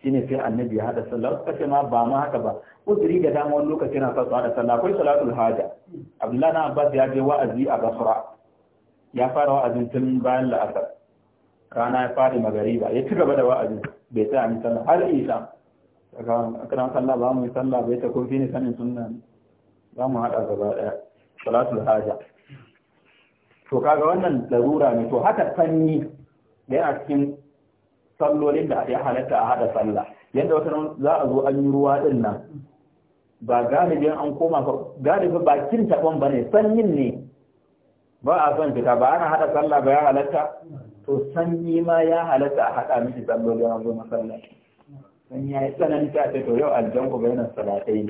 ne sai annabi ya haɗa sallah suka ce ma ba ma haka ba uzuri da dama wani lokaci yana sa su haɗa sallah akwai salatul haja abdullahi na abbas ya je wa'azi a basra ya fara wa'azin tun bayan la'asar rana ya fara magariba ya ci gaba da wa'azin bai ta min sallah har isa kana sallah ba mu yi sallah bai ta kun fi ni sanin sunna za mu haɗa gaba ɗaya salatul haja to kaga wannan larura ne to haka sanyi da yana cikin sallolin da ya halatta a haɗa sallah yadda wata za a zo an yi ruwa ɗin nan ba galibin an koma galibin bakin taɓon ba ne sanyin ne ba a son fita ba ana haɗa sallah ba ya halatta to sanyi ma ya halatta a haɗa miki salloli a zo masallaci sanyi ya yi tsanani ta ce to yau aljan ku bayanan salatai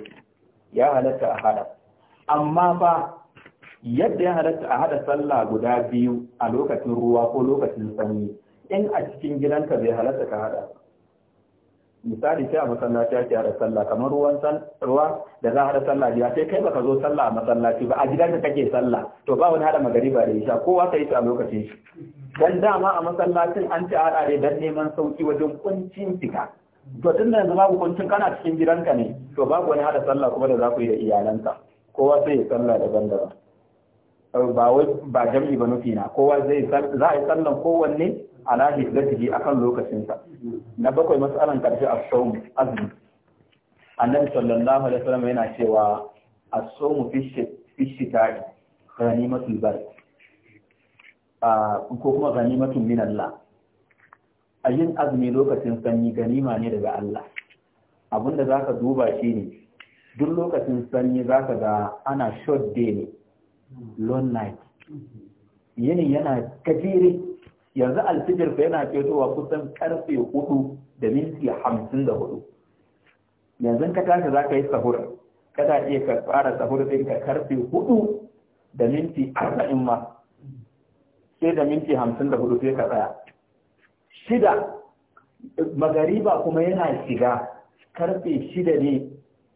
ya halatta a haɗa amma fa yadda ya halatta a haɗa sallah guda biyu a lokacin ruwa ko lokacin sanyi in a cikin gidanka bai halatta ka haɗa misali sai a masallaci ake hada sallah kamar ruwan ruwa da za a hada sallah biya sai kai baka zo sallah a masallaci ba a gidan da kake sallah to ba wani magari ba da isha kowa yi su a lokacin shi dan dama a masallacin an ci haɗa ne dan neman sauki wajen kuncin fita, to tun da yanzu babu kuncin kana cikin gidanka ne to babu wani hada sallah kuma da za ku yi da iyalanka kowa sai ya sallah daban-daban ba ba jam'i ba nufi na kowa za a yi tsallon kowanne ala a kan lokacinsa na bakwai matsalan karfi a tsohon azumi tsallon sallallahu alaihi tsallon yana cewa a as-sawm fi rani ghanimatul bar ko kuma ghanimatun min Allah a yin azumi lokacin sanyi ganima ne daga Allah abinda ka duba shi ne. duk lokacin sanyi za ka ga ana short day ne lone night yini yana gajere yanzu alfijir fa yana fetowa kusan karfe hudu da minti hamsin da hudu yanzu ka tashi za ka yi sahur kada iya ka fara sahur ɗin ka karfe hudu da minti arba'in ma sai da minti hamsin da hudu sai ka tsaya shida magariba kuma yana shiga karfe shida ne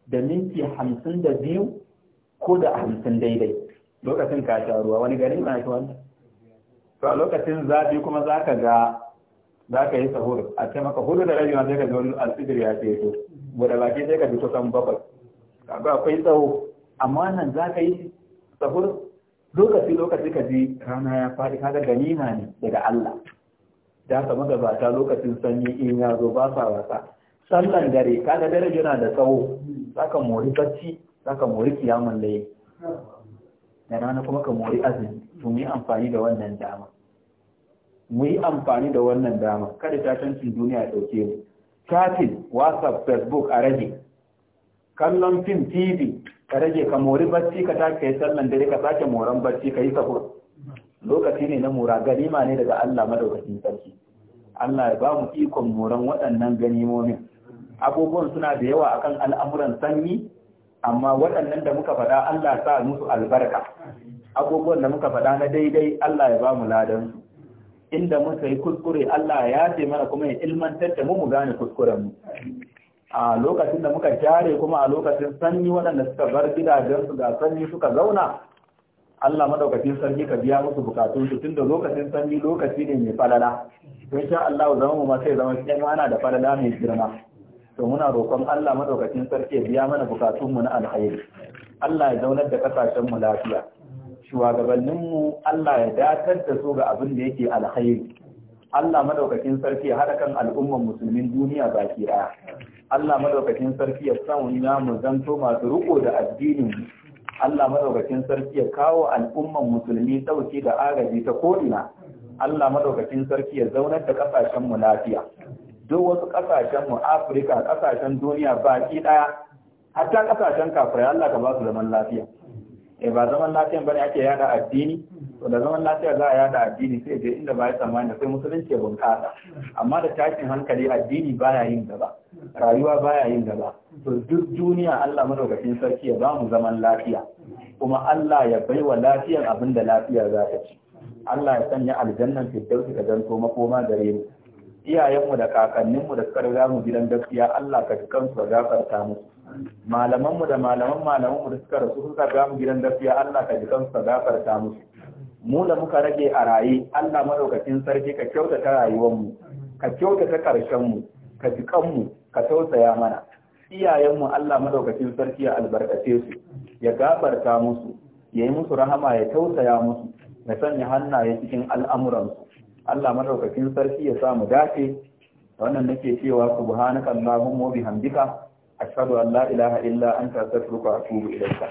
da minti hamsin da biyu ko da hamsin daidai lokacin ka sha ruwa wani gari na shi wannan to a lokacin zafi kuma za ka ga za ka yi sahur a ce maka hudu da rabi ma sai ka ga wani alfijir ya ce to bude baki sai ka bi kusan bakwai ga akwai tsawo amma wannan za ka yi sahur lokaci lokaci ka ji rana ya faɗi gani ganima ne daga Allah da haka magabata lokacin sanyi in ya zo ba sa wasa sallan dare kaga dare yana da tsawo ka mori bacci ka mori kiyamun layi da rana kuma ka mori azumi to mu yi amfani da wannan dama mu yi amfani da wannan dama kada tatancin duniya ya dauke mu chatting whatsapp facebook a rage kallon fim tv ka rage ka mori bacci ka ta kai sallan dare ka sake moran bacci ka yi sahur lokaci ne na mura ganima ne daga Allah madaukakin sarki Allah ya ba mu ikon moran waɗannan ganimomin abubuwan suna da yawa akan al'amuran sanyi amma waɗannan da muka faɗa Allah sa musu albarka abubuwan da muka faɗa na daidai Allah ya ba mu ladan su inda muka yi kuskure Allah ya ce mana kuma ya ilmantar da mu mu gane kuskuren mu a lokacin da muka jare kuma a lokacin sanyi waɗanda suka bar gidajensu ga sanyi suka zauna Allah madaukakin sarki ka biya musu bukatun su tunda lokacin sanyi lokaci ne mai falala to sha Allah zaman mu ma sai zama sai ana da falala mai girma to muna roƙon Allah madaukakin sarki biya mana bukatunmu na alkhairi Allah ya zaunar da kasashenmu lafiya Shuwagabanninmu Allah ya datar da su ga abin da yake alkhairi Allah madaukakin sarki ya haɗa kan al'umman musulmin duniya baki ɗaya Allah madaukakin sarki ya sauna mu zanto masu riko da addinin Allah madaukakin sarki ya kawo al'umman musulmi dauki da agaji ta ko'ina Allah madaukakin sarki ya zaunar da kasashenmu lafiya duk wasu kasashen mu Afirka kasashen duniya baki daya hatta kasashen kafirai Allah ka ba su zaman lafiya eh ba zaman lafiya bane ake yada addini to da zaman lafiya za a yada addini sai dai inda ba ya tsammani sai musulunci ya bunkasa amma da tashin hankali addini baya yin gaba rayuwa baya yin gaba to duk duniya Allah madaukakin sarki ya ba mu zaman lafiya kuma Allah ya baiwa wa abin da lafiya za ta ci Allah ya sanya aljannan firdausi da zanto makoma gare mu iyayenmu da kakanninmu da suka riga mu gidan gaskiya Allah ka dukan su gafarta musu malamanmu da malaman malamanmu da suka rasu suka riga mu gidan gaskiya Allah ka dukan su gafarta musu mu da muka rage a raye Allah madaukakin sarki ka kyautata rayuwarmu ka kyautata karshen mu ka dukan mu ka tausaya mana iyayenmu Allah madaukakin sarki ya albarkace su ya gafarta musu ya yi musu rahama ya tausaya musu ya sanya hannaye cikin al'amuransu Allah madaukakin sarki ya samu dace wannan nake cewa subhanaka allahumma wa bihamdika ashhadu an la ilaha illa anta astaghfiruka wa atubu ilayka